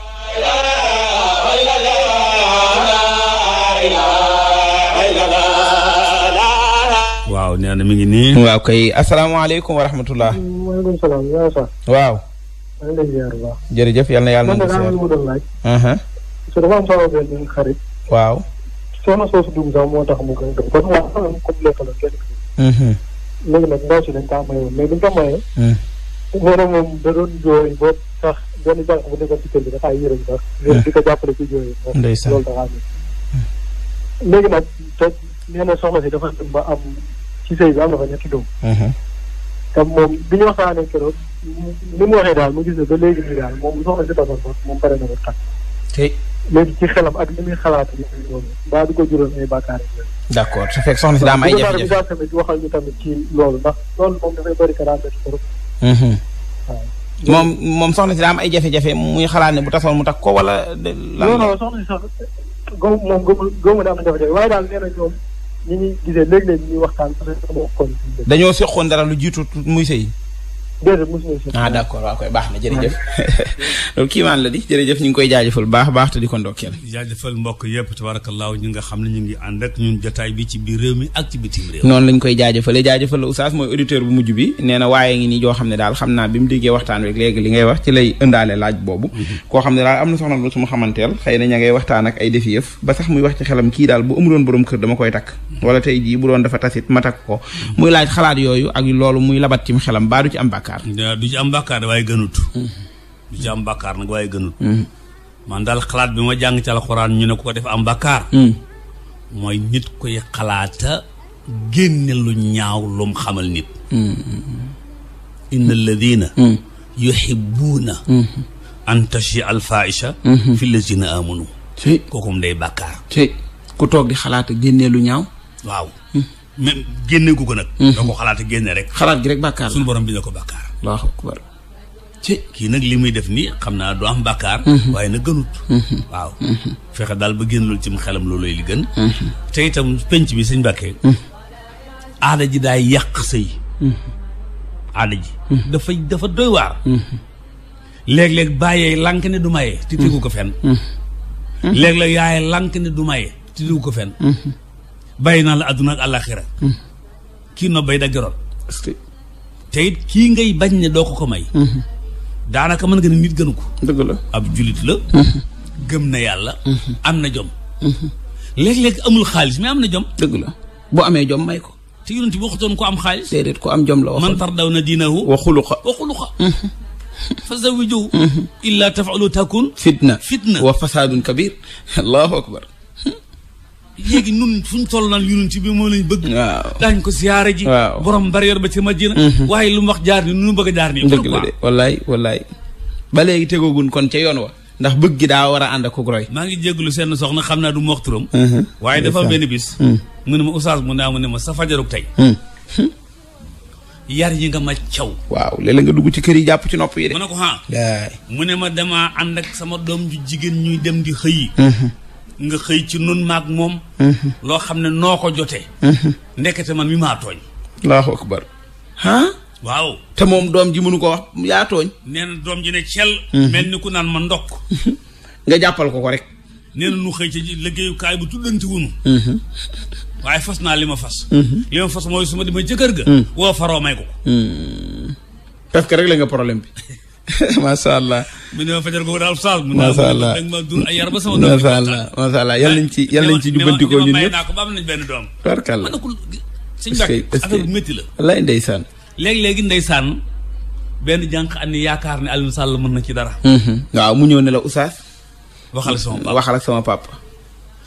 waaw nee na mi ngi nii. waaw kay asalaamaaleykum wa rahmatullah. waaw. jërëjëf yal na yàlla na. su dafa am sama benn xarit. waaw. soo soosu dugg sax moo tax mu koy dugg kon waaw xam nga comme lépp la kenn. Mhm. léegi nag ndaw si dañ kaa mayoon mais buñ ko mayee. nee mhm. na moom da doon jooy ba sax benn jànq bu nekkoon ci kër gi dafay yërëm mhm. di ko jàppale ci jooy. ndeysaan loolu dafa am. léegi nag te nee si dafa dem ba am ci sëy bi am na fa ñetti doom. te moom bi ñu waxtaanee keroog. ni mu waxee daal ma gis ba léegi nii daal moom soxna si basal xalaat moom mbaa du ay d' accord su fekk soxna si daa am ay jafe-jafe bu ñu tamit ci loolu ndax loolu moom dafay bëri karaamee mhm. moom moom soxna si daa ay jafe-jafe muy xalaat ne bu tasoon mu takk ko wala. lan non soxna si sax góob moom góob góob daa jafe-jafe waaye daal nee na ñoom ñi ñuy gisee léeg-léeg ñuy waxtaan dañoo seqoon dara lu jiitu muy sëy ah d'accord waaw koy baax na jërëjëf loolu kiimaan la di jërëjëf ñu ngi koy jaajëfal baax baax te di ko ndokkeel jaajëfal mbokk yëpp tabarakallaahu ñi nga xam ne ñu ngi ànd jotaay bi ci biir réew mi ak ci lañ koy jaajëfale jaajëfal la oustaz mooy auditeur bi nee na waaye ngi nii ne daal xam naa bi mu déggee waxtaan rek léegi li ngay wax ci lay ëndaale laaj boobu mhm. koo xam ne daal am na soxna bu suma xamanteel xay na ña ngay waxtaan ak ay defi yëf ba sax muy wax ci xelam kii daal bu amuloon borom kër dama koy takk mhm. wala tey jii bu doon dafa tasit ma takk ko muy laaj xalaat yooyu ak loolu muy labat ci xelam baa du ci am bàkkaar du ci am bàkkaar waaye gënut du ci am bàkkaar nag waaye gënut mm-hmm. man daal xalaat bi ma jàng ci alxuraan ñu ne ko def am bàkkaar mm-hmm. mooy nit koy xalaata génne lu ñaaw lum xamal nit mm-hmm. inna alladina yuhibbuuna an tashi alfaisha fi lazina amanu kookum day bàkkaar ku toog di xalaata génne lu ñaaw waaw même génne gu ko nag. Mhm. da ko xalaat génne rek. xalaat gi rek bàkkaar suñu borom bi ne ko bàkkaar. allahu ci kii nag li muy def nii xam naa du am bàkkaar. Mhm. waaye na gënut. Mhm. waaw fexe daal ba génnul ci mu xelam loolooy li gën. te itam penc bi suñ bàkkee. aada ji daay yàq sëy. aada ji. dafa dafa doy waar. léeg-léeg bàyyee lank ne du maye. te ko fenn. léeg-léeg yaay du maye te tegu bàyyi naa la àdduna ak àllaaxira hmm. kii nobbay da geroot te it kii ngay bañ ne doo ko ko may hmm. daanaka mën nga ne nit gënu ko dëgg la ab julit la hmm. gëm na yàlla am na jom léeg-léeg amul xaalis mais am na jom dëgg la boo amee jom may ko te yonent bi waxutoon ko am xaalis déedéet ko am jom la waxoon man tardaw na diinahu wa xuluqa wa xuluqa fa zawijuhu illaa tafaalu takun fitna fitna wa fasaadun kabir akbar léegi nun fu ñu toll lu yonent bi moo lañ bëgg daañ ko siyaare ji borom barrière ba ci ma Madina mhm. waaye lu mu wax jaar ni nu bëgg jaar nii dëgg la de wallaay wallaay ba léegi tegoogun kon ca yoon wa ndax bëgg daa war a ànd ak maa ngi jégalu seen soxna xam naa du ma mhm. waaye dafa benn bis mhm. mu ne ma oustaz mu naa ah, mu ne ma sa fajarug tey yar yi nga ma caw waaw léeg nga dugg ci kër yi jàpp ci nopp yi de ah. mu ne ko ha mu ma demaa ànd ak sama doom ju jigéen ñuy dem di xëyi nga xëy ci nun maag moom mm-hmm. loo xam ne noo ko jotee mm-hmm. ndekete man mi maa tooñ allahu akbar ah waaw te moom doom ji mënu ko wax yaa tooñ nee na doom ji ne cel mm-hmm. mel ni ku naan ma ndokk nga jàppal ko ko rek nee na nu xëy ci liggéeyukaay bu tuddanti wunu waaye fas naa li ma fas li ma fas mooy su ma di ma jëkkër ga woo faroo may ko ko parce que rek la nga problème bi macha allah. mu ne ma fajar googu daal saal. macha allah mu ne ma dur ay yar ba sama doom. macha allah macha allah yal nañ ci yal nañ ci jubbantikoo ñun ñëpp. ko ba la sëñ Mbàkke affaire ndeysaan. léegi léegi ndeysaan benn jànq am ni yaakaar ni Alioune Sall mën na ci dara. Mhm. waaw mu ñëw ne la Oustaz. waxal sama papa sama papa.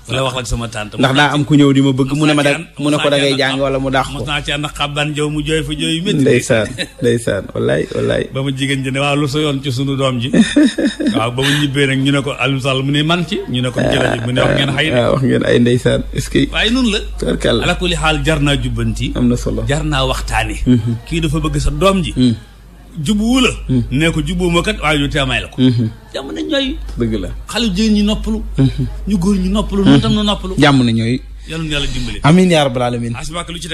la wax la sama tante ndax daa am ku ñëw di ma bëgg mu ne ma da mu ne ko da ngay jàng wala mu daax ko mos naa ci ànd xaban jow mu jooy fa jooy métti ndeysaan ndeysaan wallaay ba ma jigéen ji ne waaw sa yoon ci sunu doom ji waaw ba mu ñibbee nag ñu ne ko Aliou Sall mu ne man ci ñu ne ko jërëjëf mu ne wax ngeen xay wax ngeen ay ndeysaan est-ce que waaye noonu la tarkal ala xaal jar naa jubbanti am na solo jar naa waxtaane mm-hmm. kii dafa bëgg sa doom ji mm. jubuwu la hmm. ne juboo ma kat waaye du tee may la ko hmm. jàmm na ñooy dëgg la xale jigéen hmm. ñu góor ñi noppalu noonu tam na ñooy yàlla na yàlla dimbali amiin yaa rabbal alamin asbaak lu ci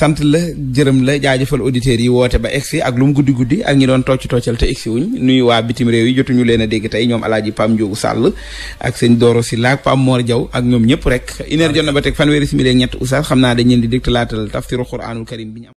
sant la jërëm la jaajëfal auditeurs yi woote ba egsi ak lu mu guddi guddi ak ñi doon tocc toccal te egsi wuñ nuyu waa bitim réew yi jotuñu leen a dégg tey ñoom alaaji Pam Ndiogu Sall ak sëñ Doro Sylla ak Pam Mor Diaw ak ñoom ñëpp rek une jot na ba teg fanweeri simili ak ñett oustaz xam naa dañ leen di dégtalaatal tafsiru Quraanul Karim bi ñu am